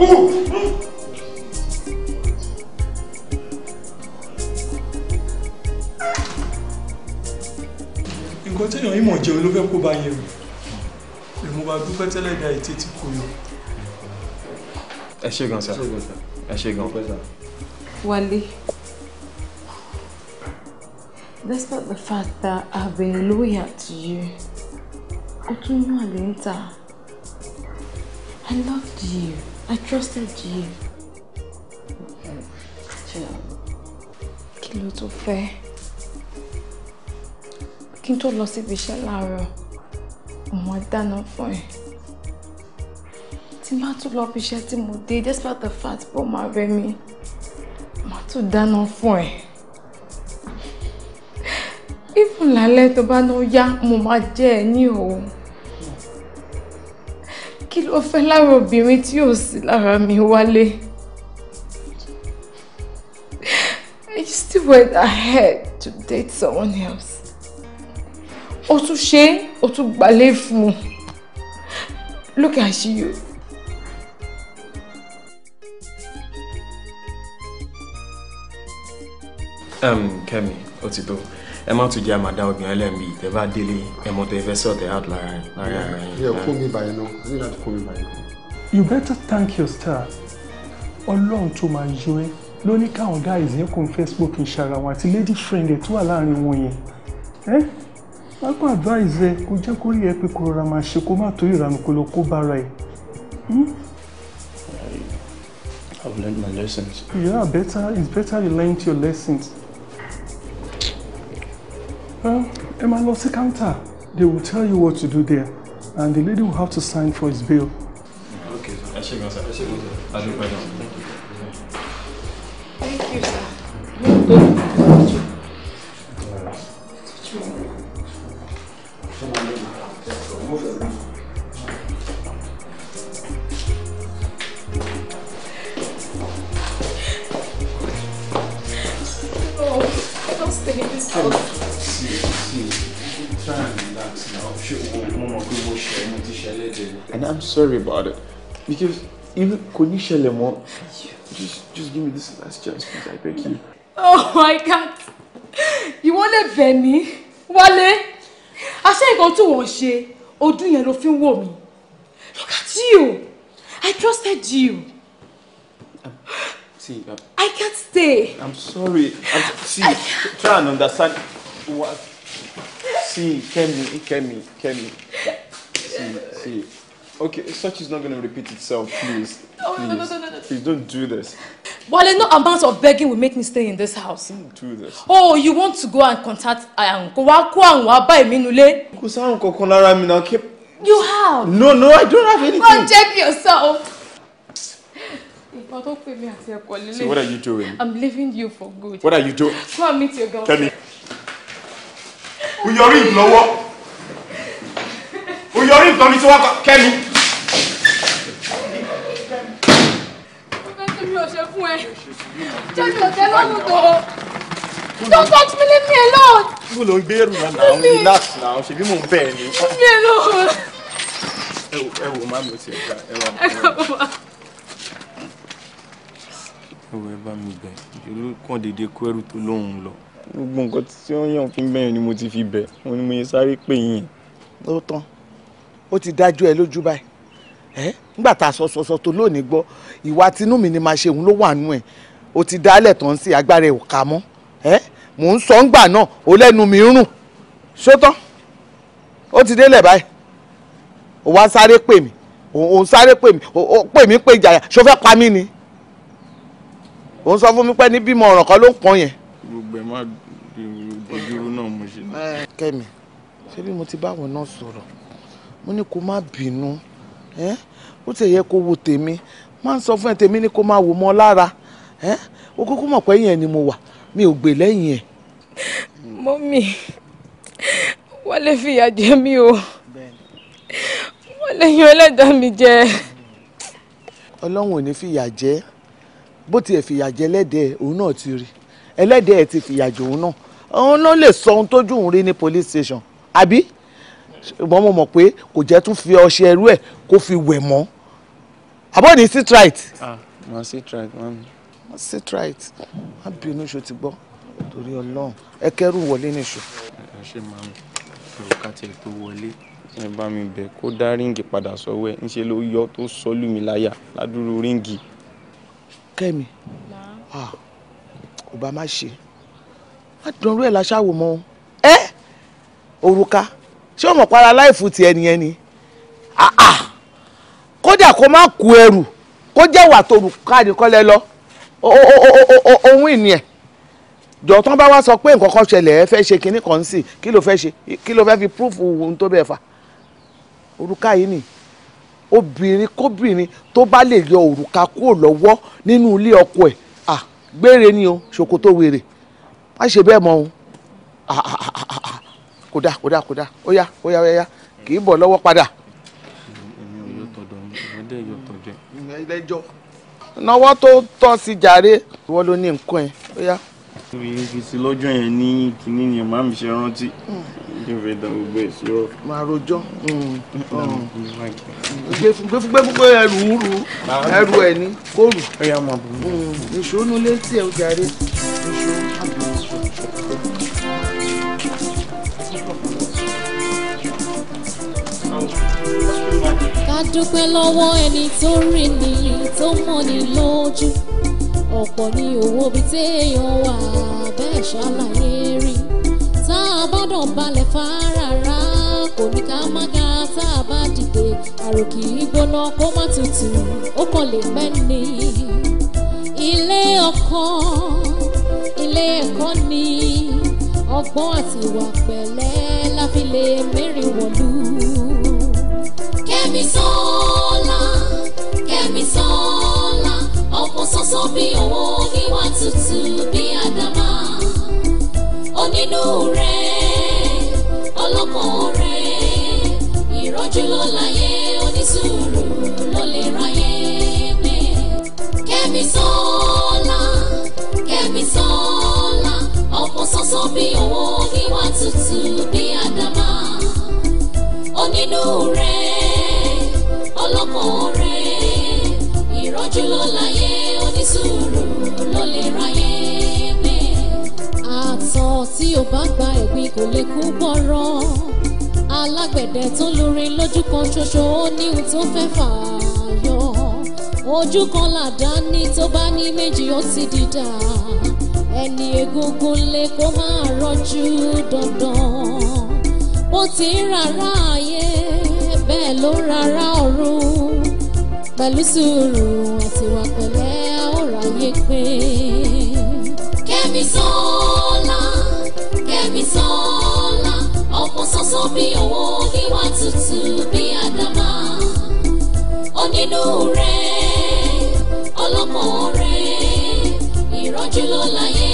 C: nǹkan téèyàn yìí mọ̀ jẹun ló fẹ́ kó bá yẹn o dúpẹ́ tẹ́lẹ̀ dá ètè tí kò yọ. ẹ ṣe gan sa ẹ ṣe gan pẹ́ sa.
B: Wale, despite the fact that I've been loyal to you, Otunyo Alenta, I loved you. I trusted you. Kí ló tó fẹ́? Kí n tó lọ síbi iṣẹ́ láàárọ̀, ọmọ dáná fún ẹ. Tí má tún lọ bí iṣẹ́ tí mo dé, despite the fact pé ó máa rẹ mi, má tún dáná fún ẹ. Even lálẹ́ tó bá náà yá, mo máa jẹ ẹ ní kí ló fẹ́ lára obìnrin tí ò sí lára mi wálé I still went ahead to date someone else o tún ṣe o tún gbalẹ̀ fún un look at you.
C: Um, Kemi, ó ti tó ẹ má tún jẹ́ àmàdá obìnrin ẹlẹ́mìí tẹ bá délé ẹ mọ tẹ fẹ́ sọ̀tẹ̀ out lára lára ara you better thank your star. ọlọ́run tó máa yọ ẹ́ ló káwọn guys yẹn kò facebook ń ṣara wọn àti lady friend ẹ̀ tó wà láàrin wọn yẹn ẹ́ wọ́n kọ́ advice ẹ kó jẹ́ kó rí ẹ pé kó rọra máa ṣe kó má torí ìranù kó lọ kó bára ẹ. Hmm? I've learned my lessons. Yeah, better. It's better you learned your lessons. ẹ máa lọ counter they will tell you what to do there and the lady will have to sign for his bill. okay ẹ ṣe gan sa ẹ ṣe gan sa adúpẹ́ náà. about it because even kò ní ṣẹlẹ̀ mọ́ just just give me this last chance please I beg you.
F: oh my
B: god ìwọ lè bẹ̀ Wale? I àṣẹ go to wọ́n ṣe or do you fi ń wò mí look at you I trusted you.
C: Um, see, um, I
B: can't stay.
C: I'm sorry. I'm, see, try and understand what. See, Kemi, Kemi, Kemi. See, see. Okay, such is not going to repeat itself, please. [laughs] no, please. No, no, no, no, no. Please don't do this.
B: Wale, no amount of begging will make me stay in this house. Don't do this. Oh, you want to go and contact uh, Ayanko? You have. No, no, I don't have anything. Go check yourself. So what are you doing? I'm leaving you for good. What are you doing? Come and meet your girlfriend. Kẹ́mi.
C: Kò yọrí ìlọ́wọ́ yọrí nǹkan mi tí wọ́n kẹ́mi.
B: mi ò ṣe fún ẹ jẹ́ mi ò tẹ́ lọ́rùn tó
C: don't touch me leave me alone. mo ló ń gbé ẹrù náà náà relax náà ṣèbí mò ń bẹ̀ ẹ́ ni. leave
B: me alone.
C: ẹ wò ẹ wò má mi ò tiẹ̀ gbà ẹ wà.
B: ẹ kà bàbá
C: ẹwọ ẹ bá mi bẹ̀ ìṣòro kàn déédéé kó ẹrù tó lóhùn lọ. gbogbo nǹkan tí ó yàn fún bẹ́ẹ̀ ni mo ti fi bẹ̀ mo ni mo yẹ sáré pè yín lọ́tàn ó ti dájú ẹ lójú báyìí ẹ nígbà tá a sọ sọ sọ tó lónìí gbọ́ ìwà tinú mi ni màá ṣe òun ló wà nù ẹ o ti dálẹ̀ tán sí agbára ẹ̀ kà mọ́ ẹ mò ń sọ ńgbà náà ó lẹ́nu mi rùn ṣótán ó ti délẹ̀ báyìí ó wá sáré pè mí òun sáré pè mí ó pè mí pé ìjàyà ṣó fẹ́ pa mí ni òun sọ fún mi pé ní bímọ ọ̀ràn kan ló ń pọn yẹn. gbogbo ẹ má dojúrú náà mo ṣe. kẹ́mi ṣé bí mo ti bá àwọn náà sọ̀rọ̀ mo ní kó má bínú ó ti yẹ kó wo tèmi máa ń sọ fún ẹ tèmi ní kó má wò mọ́ lára ó kúkú mọ̀ pé yẹn ni mo wà mi ò gbè lẹ́yìn ẹ̀. mọ́mì Wálé fìyà jẹ mí o Wálé yan ẹlẹ́dàá mi jẹ. ọlọ́run ò ní fìyà jẹ bó tiẹ̀ fìyà jẹ ẹlẹ́dẹ̀ẹ́ òun náà ti rí ẹlẹ́dẹ̀ẹ́ ti fìyà jẹ òun náà òun náà lè sọ ohun tójú òun rí ní police station àbí ṣùgbọ́n mo mọ̀ pé kò jẹ́ tún fi ọṣẹ ẹrú ẹ̀ kó fi wẹ̀ mọ́ àbọ̀ ní citrate. Ah. màá citrate màá mi. màá citrate má bínú ṣo ti gbọ́ torí ọlọ́run ẹ kẹ́rù wọlé nìṣó. ẹ ṣe máa ń sọ̀rọ̀ ká tiẹ̀ tó wọlé ẹ bá mi bẹ̀ kó dá ríǹgì padà sọ́wọ́ ẹ̀ ńṣe ló yọ tó sọ lù láyà ládùúrú ríǹgì. kẹ́mi ah. ò bá má ṣe má dánrú ẹ̀ láṣáwò mọ́ ẹ́ òrùka ṣé o mọ̀ para láìfù ti ẹni ẹni ah, ah. kódà kó má ku ẹrù kó jẹ́ wà tó káàdì kọ́lẹ́ lọ ohun ìní ẹ̀ jọ̀tán bá wá sọ pé nǹkan kan ṣẹlẹ̀ ẹ fẹ́ ṣe kinní kan sí kí ló fẹ́ ṣe kí ló fẹ́ fi púrúfù ohun tó bẹ́ẹ̀ fà òrùka yìí nì obìnrin kóbìnrin tó bá lè yọ òrùka kúrò lọ́wọ́ nínú ilé ọkọ ẹ̀ ah, gbére ni o ṣòkòtò wèrè má ṣe bẹ́ẹ̀ mọ́ o kódà kódà kódà ó yá ó yá ó yá kì í bọ̀ lọ́wọ́ padà. èmi ò yọ tọ̀dọ̀ mi ìwọ dé yọ tọ̀jẹ̀. ẹlẹ́jọ́. náwó tó tọ́ sí jàre ìwọ ló ní nǹkan ẹ̀ ó yá. lọ́jọ́ yẹn ní kinní yẹn máa mi ṣe rántí hmm. kí n fẹ́ da gbogbo ẹ̀ sí ọ. máa rojọ́ hmm. hmm. gbé gbé ẹrù ń ẹrù ẹ̀ ní kóòrù ìṣònú létí ẹ̀ ó jàre ìṣònú.
A: dúpẹ́ lọ́wọ́ ẹni tó rí ni tó mọ̀ ní lójú ọ̀pọ̀ ní owó bíi téèyàn wà bẹ́ẹ̀ ṣàlàyé rí tá a bọ́dọ̀ balẹ̀ fárára kò ní ká má ga tá a bá dìde àròkì gbóná kó má tutù ó kàn lè pẹ́ ni ilé ọkọ ilé ẹ̀kọ́ ni ọgbọ́n àti ìwà pẹ̀lẹ́ la lè mẹ́rin wọ̀lú.
D: Kẹ́misọ́lá
A: sola, ọ̀pọ̀ sọ́sọ́ bí owó níwà tútù bí àdàbà onínú rẹ̀ ọlọ́kàn rẹ̀ ìrọ́jú ló láyé onísùúrù ló lè ráyé pé Kẹ́misọ́lá Kẹ́misọ́lá ọ̀pọ̀ sọ́sọ́ bí owó níwà tútù bí àdàbà onínú rẹ̀ lọ́kàn oore ìrọ́jú ló láyé onísùúrù ló lè ráyé bẹ́ẹ̀. àtọ̀ tí ò bá gba ẹ̀gbin kò lè kú bọ́rọ̀ alágbẹ̀dẹ tó lóore lójú kan ṣoṣo ó ní ohun tó fẹ́ fà á yọ ojú kan làdá ní tó bá ní méjì ó ti dìdà ẹni egungun lé kó máa rọ́jú dandan bó ti ń rárá ayé bẹ́ẹ̀ ló ń rárá ọ̀run pẹ̀lú sùúrù àti wà pẹ̀lẹ́ ọ̀rọ̀ ayé pé.
D: Kẹ́misọ́lá
A: Kẹ́misọ́lá ọ̀pọ̀ sọ́sọ́ bí owó níwà tútù bí àdàbà onínú
D: ọlọ́mọ rẹ̀ ìrọ́jú ló láyé.